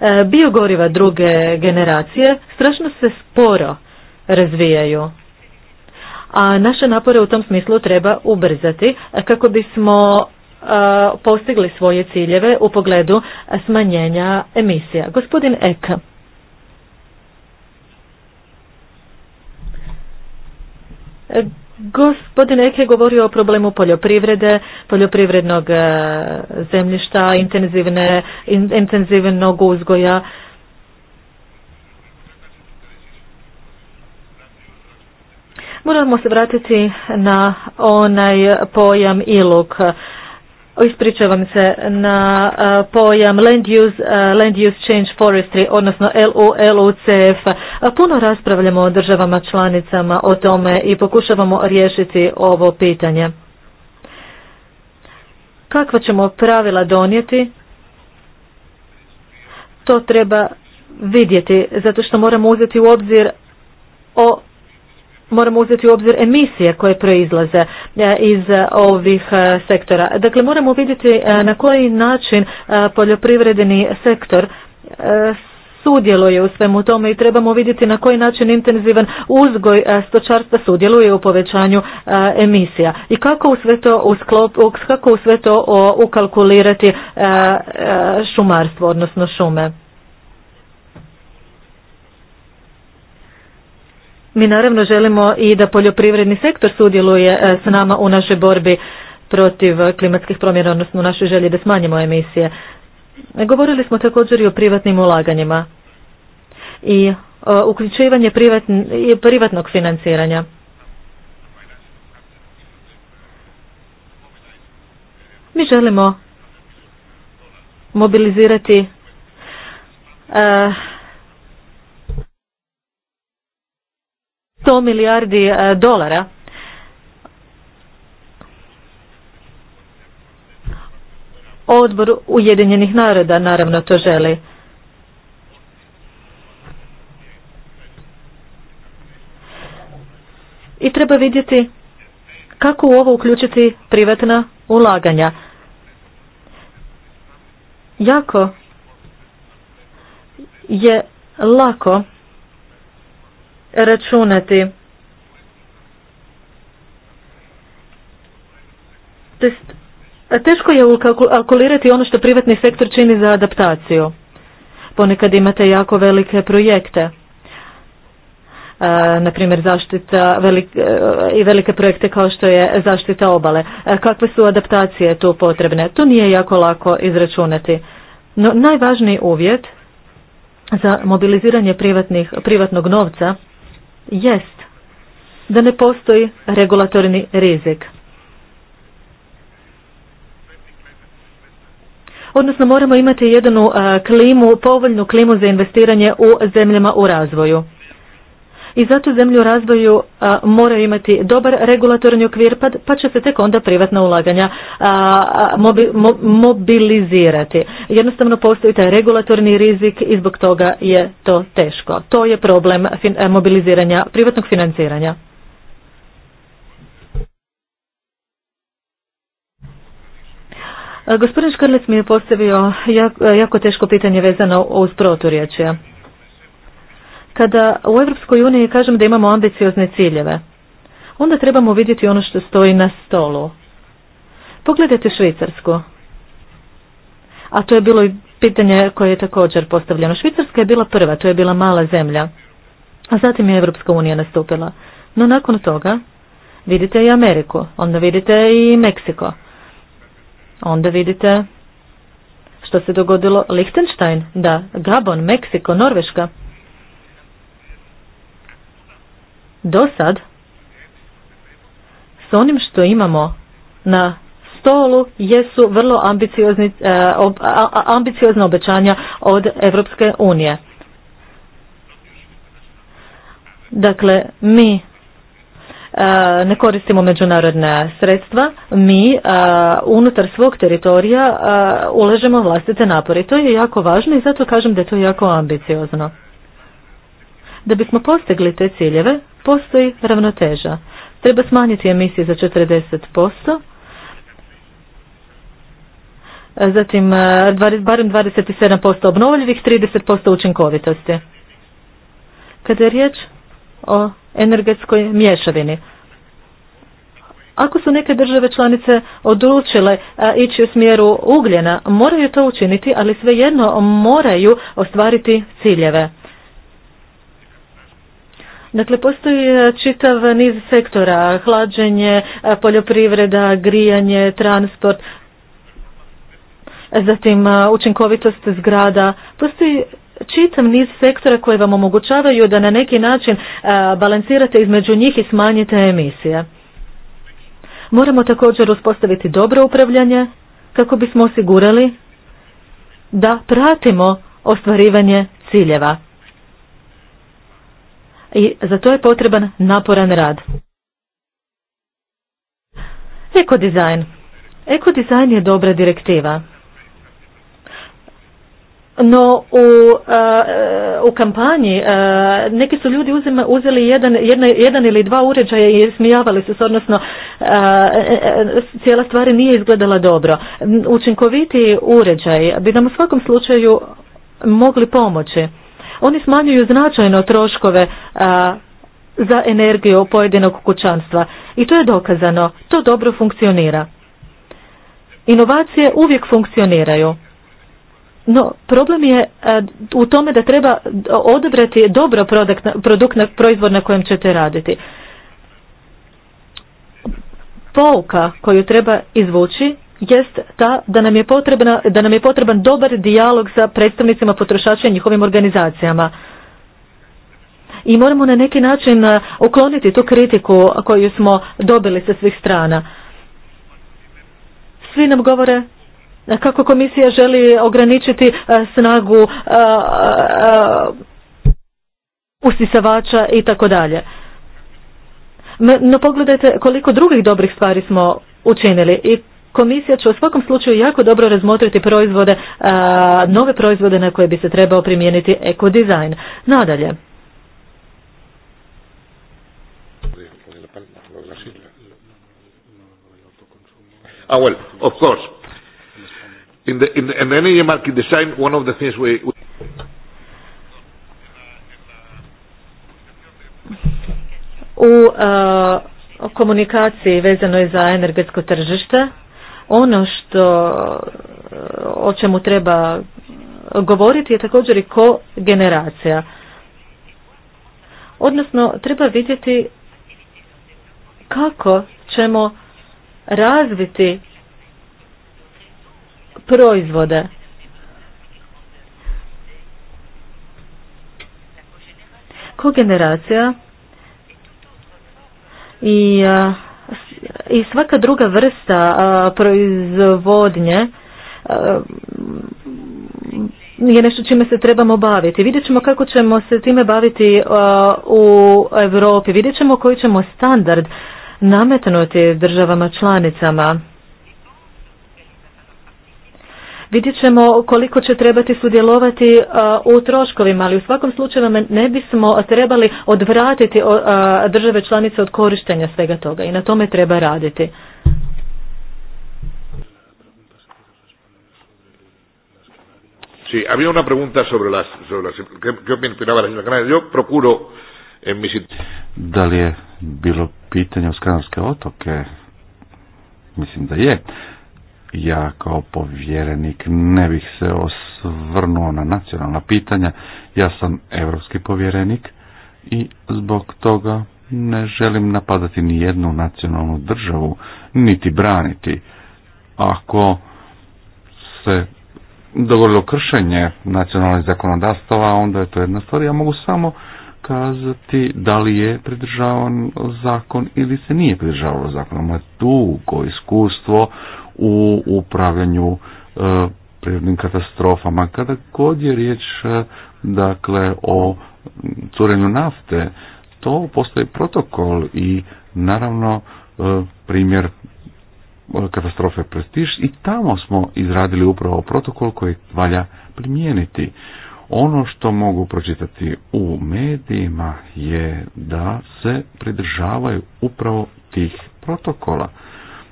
E, biogoriva druge generacije strašno se sporo razvijaju a naše napore u tom smislu treba ubrzati e, kako bismo postigli svoje ciljeve u pogledu smanjenja emisija. Gospodin Ek. E, gospodin Ek je govorio o problemu poljoprivrede, poljoprivrednog e, zemljišta, intenzivne, intenzivnog uzgoja. Moramo se vratiti na onaj pojam iluk Ispričavam se na eh, pojam Land Use, eh, Land Use Change Forestry, odnosno LULUCF. Puno raspravljamo o državama članicama o tome i pokušavamo riješiti ovo pitanje. Kakva ćemo pravila donijeti? To treba vidjeti, zato što moramo uzeti u obzir o moramo uzeti u obzir emisije koje proizlaze e, iz e, ovih e, sektora. Dakle, moramo vidjeti na koji način poljoprivredni sektor sudjeluje u svemu tome i trebamo vidjeti na koji način intenzivan uzgoj stočarstva sudjeluje u povećanju emisija i kako u sve to, u kako u sve to ukalkulirati šumarstvo, odnosno šume. Mi naravno želimo i da poljoprivredni sektor sudjeluje e, s nama u našoj borbi protiv klimatskih promjena, odnosno u našoj želji da smanjimo emisije. E, govorili smo također i o privatnim ulaganjima i e, uključivanje privatnog financiranja. Mi želimo mobilizirati 100 milijardi e, dolara odbor Ujedinjenih naroda naravno to želi. I treba vidjeti kako u ovo uključiti privatna ulaganja. Jako je lako računati. Teško je alkulirati ono što privatni sektor čini za adaptaciju. Ponekad imate jako velike projekte. Naprimjer, na zaštita e, i velike projekte kao što je zaštita obale. E, kakve su adaptacije tu potrebne? To nije jako lako izračunati. No najvažniji uvjet za mobiliziranje privatnih, privatnog novca jest da ne postoji regulatorni rizik. Odnosno moramo imati jednu klimu, povoljnu klimu za investiranje u zemljama u razvoju i zato zemlju razvoju moraju imati dobar regulatorni okvir pa, pa će se tek onda privatna ulaganja mobilizirati. Jednostavno postoji taj regulatorni rizik i zbog toga je to teško. To je problem mobiliziranja privatnog financiranja. Gospodin Škrlec mi je postavio jako teško pitanje vezano uz proturječje. Kada u Europskoj uniji kažem da imamo ambiciozne ciljeve, onda trebamo vidjeti ono što stoji na stolu. Pogledajte Švicarsku. A to je bilo i pitanje koje je također postavljeno. Švicarska je bila prva, to je bila mala zemlja. A zatim je Evropska unija nastupila. No nakon toga vidite i Ameriku, onda vidite i Meksiko. Onda vidite što se dogodilo Lichtenstein. da, Gabon, Meksiko, Norveška. Do sad, s onim što imamo na stolu jesu vrlo ambiciozni, e, ambiciozna obećanja od Europske unije. Dakle, mi e, ne koristimo međunarodna sredstva, mi e, unutar svog teritorija ulažemo vlastite napore. To je jako važno i zato kažem da je to jako ambiciozno. Da bismo postigli te ciljeve, postoji ravnoteža. Treba smanjiti emisije za 40%, zatim e, barem 27% obnovljivih, 30% učinkovitosti. Kada je riječ o energetskoj mješavini, ako su neke države članice odlučile e, ići u smjeru ugljena, moraju to učiniti, ali svejedno moraju ostvariti ciljeve. Dakle, postoji e, čitav niz sektora, hlađenje, e, poljoprivreda, grijanje, transport, zatim e, učinkovitost zgrada. Postoji čitav niz sektora koji vam omogućavaju da na neki način balansirate između njih i smanjite emisije. Moramo također uspostaviti dobro upravljanje kako bismo osigurali da pratimo ostvarivanje ciljeva i za to je potreban naporan rad. Ekodizajn. Ekodizajn je dobra direktiva. No u, e, e, u kampanji e, neki su ljudi uzima, uzeli jedan, jedna, jedan ili dva uređaja i smijavali su se, odnosno cijela stvar nije izgledala dobro. Učinkoviti uređaj bi nam u svakom slučaju mogli pomoći. Oni smanjuju značajno troškove za energiju pojedinog kućanstva i to je dokazano, to dobro funkcionira. Inovacije uvijek funkcioniraju. No, problem je u tome da treba odabrati dobro produkt, produkt na, proizvod na kojem ćete raditi. Pouka koju treba izvući jest ta da nam je, potrebna, da nam je potreban dobar dijalog sa predstavnicima potrošača i njihovim organizacijama. I moramo na neki način eh, ukloniti tu kritiku koju smo dobili sa svih strana. Svi nam govore eh, kako komisija želi ograničiti eh, snagu usisavača i tako dalje. No pogledajte koliko drugih dobrih stvari smo učinili i Komisija će u svakom slučaju jako dobro razmotriti proizvode, nove proizvode na koje bi se trebao primijeniti ekodizajn. Nadalje. Ah, well, of course. In the, in the, in energy market design, one of the things we... U uh, komunikaciji vezanoj za energetsko tržište, ono što o čemu treba govoriti je također i ko generacija. Odnosno, treba vidjeti kako ćemo razviti proizvode. Kogeneracija i a, i svaka druga vrsta proizvodnje je nešto čime se trebamo baviti. Vidjet ćemo kako ćemo se time baviti u Europi, vidjet ćemo koji ćemo standard nametnuti državama članicama Vidjet ćemo koliko će trebati sudjelovati e, u troškovima, ali u svakom slučaju ne bismo trebali odvratiti e, države članice od korištenja svega toga i na tome treba raditi. Sí, había una pregunta sobre las... Sobre las ¿Qué, qué opinaba la Yo procuro en Da li je bilo pitanje uz Kanarske otoke? Mislim da je ja kao povjerenik ne bih se osvrnuo na nacionalna pitanja. Ja sam europski povjerenik i zbog toga ne želim napadati ni jednu nacionalnu državu, niti braniti. Ako se dogodilo kršenje nacionalnih zakonodavstava, onda je to jedna stvar. Ja mogu samo kazati da li je pridržavan zakon ili se nije pridržavao zakon. Moje dugo iskustvo u upravljanju e, prirodnim katastrofama. Kada god je riječ e, dakle o curenju nafte, to postoji protokol i naravno e, primjer katastrofe prestiž i tamo smo izradili upravo protokol koji valja primijeniti. Ono što mogu pročitati u medijima je da se pridržavaju upravo tih protokola.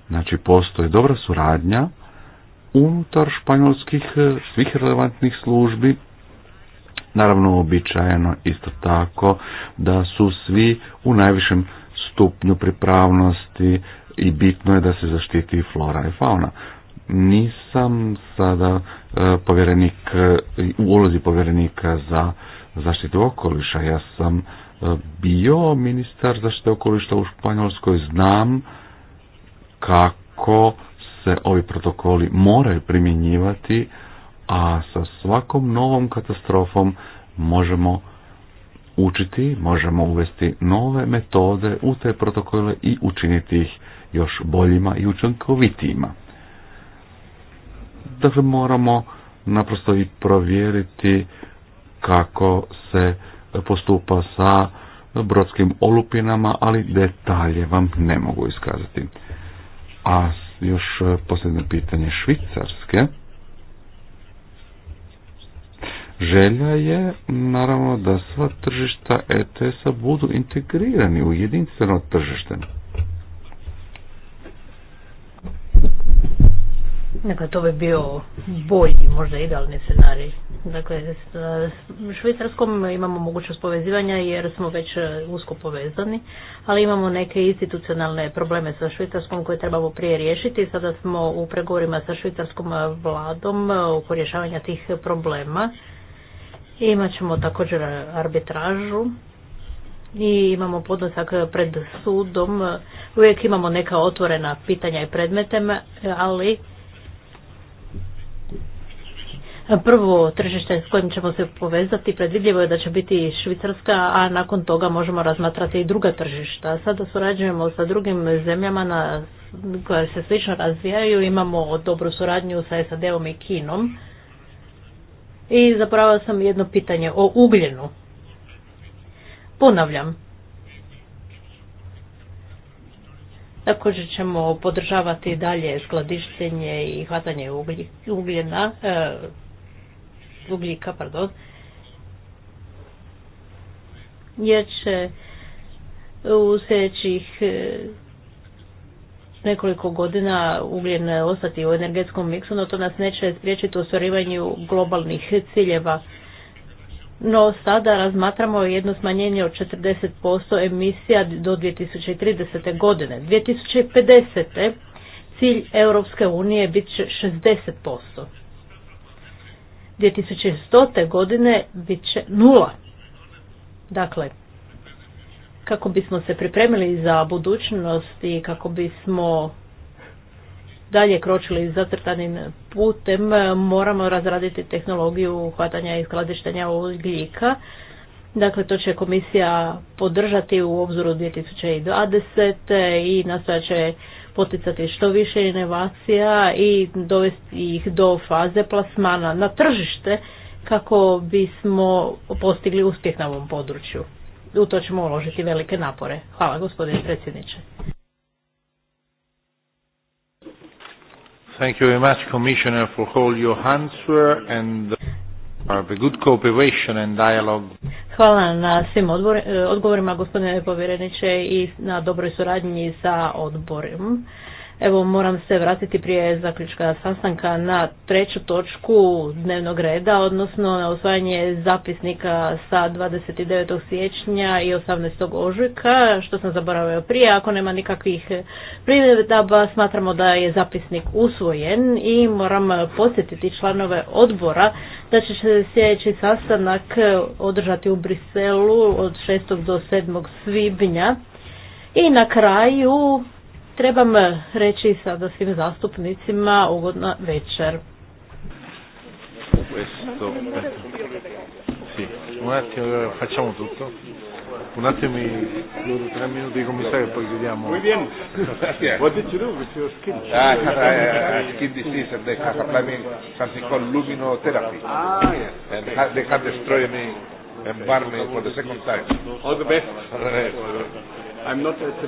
Znači postoji dobra suradnja unutar španjolskih e, svih relevantnih službi. Naravno običajeno isto tako da su svi u najvišem stupnju pripravnosti i bitno je da se zaštiti flora i fauna. Nisam sada e, povjerenik e, u ulozi povjerenika za zaštitu okoliša. Ja sam bio ministar zaštite okoliša u Španjolskoj, znam kako se ovi protokoli moraju primjenjivati, a sa svakom novom katastrofom možemo učiti, možemo uvesti nove metode u te protokole i učiniti ih još boljima i učinkovitijima. Dakle, moramo naprosto i provjeriti kako se postupa sa brodskim olupinama, ali detalje vam ne mogu iskazati. A još e, posljedno pitanje Švicarske. Želja je naravno da sva tržišta ETS-a budu integrirani u jedinstveno tržište. Dakle, to bi bio bolji, možda idealni scenarij. Dakle, s e, Švicarskom imamo mogućnost povezivanja jer smo već e, usko povezani, ali imamo neke institucionalne probleme sa Švicarskom koje trebamo prije riješiti. Sada smo u pregovorima sa Švicarskom vladom e, oko rješavanja tih problema. Imat ćemo također arbitražu i imamo podnosak pred sudom. Uvijek imamo neka otvorena pitanja i predmete, ali prvo tržište s kojim ćemo se povezati predvidljivo je da će biti Švicarska, a nakon toga možemo razmatrati i druga tržišta. Sada surađujemo sa drugim zemljama na, koje se slično razvijaju, imamo dobru suradnju sa SAD-om i Kinom. I zapravo sam jedno pitanje o ugljenu. Ponavljam. Također ćemo podržavati dalje skladištenje i hvatanje ugljena. E, ugljika, pardon, jer će u sljedećih e, nekoliko godina ugljen ostati u energetskom miksu, no to nas neće spriječiti u ostvarivanju globalnih ciljeva. No sada razmatramo jedno smanjenje od 40% emisija do 2030. godine. 2050. cilj Europske unije bit će 60%. 2100. godine bit će nula. Dakle, kako bismo se pripremili za budućnost i kako bismo dalje kročili zacrtanim putem, moramo razraditi tehnologiju hvatanja i skladištenja ugljika. Dakle, to će komisija podržati u obzoru 2020. i nastojaće poticati što više inovacija i dovesti ih do faze plasmana na tržište kako bismo postigli uspjeh na ovom području. U to ćemo uložiti velike napore. Hvala gospodine predsjedniče. Thank you very much, Commissioner, for all your and... Hvala na svim e, odgovorima gospodine povjereniče i na dobroj suradnji sa odborom. Evo moram se vratiti prije zaključka sastanka na treću točku dnevnog reda, odnosno na osvajanje zapisnika sa 29. siječnja i 18. ožujka, što sam zaboravio prije. Ako nema nikakvih primjedaba, smatramo da je zapisnik usvojen i moram posjetiti članove odbora da će se sljedeći sastanak e, održati u Briselu od 6. do 7. svibnja. I na kraju trebam reći sada svim zastupnicima ugodna večer. Eh, sì, un un attimo i loro tre minuti di commissario e poi chiudiamo. Muy bien. Gracias. What did you do with your skin? Ah, I, I, eh, eh, skin disease and they have applied me something called luminotherapy. Ah, yes. And ha, they have destroyed me and burned me for the second time. All the best. I'm not at the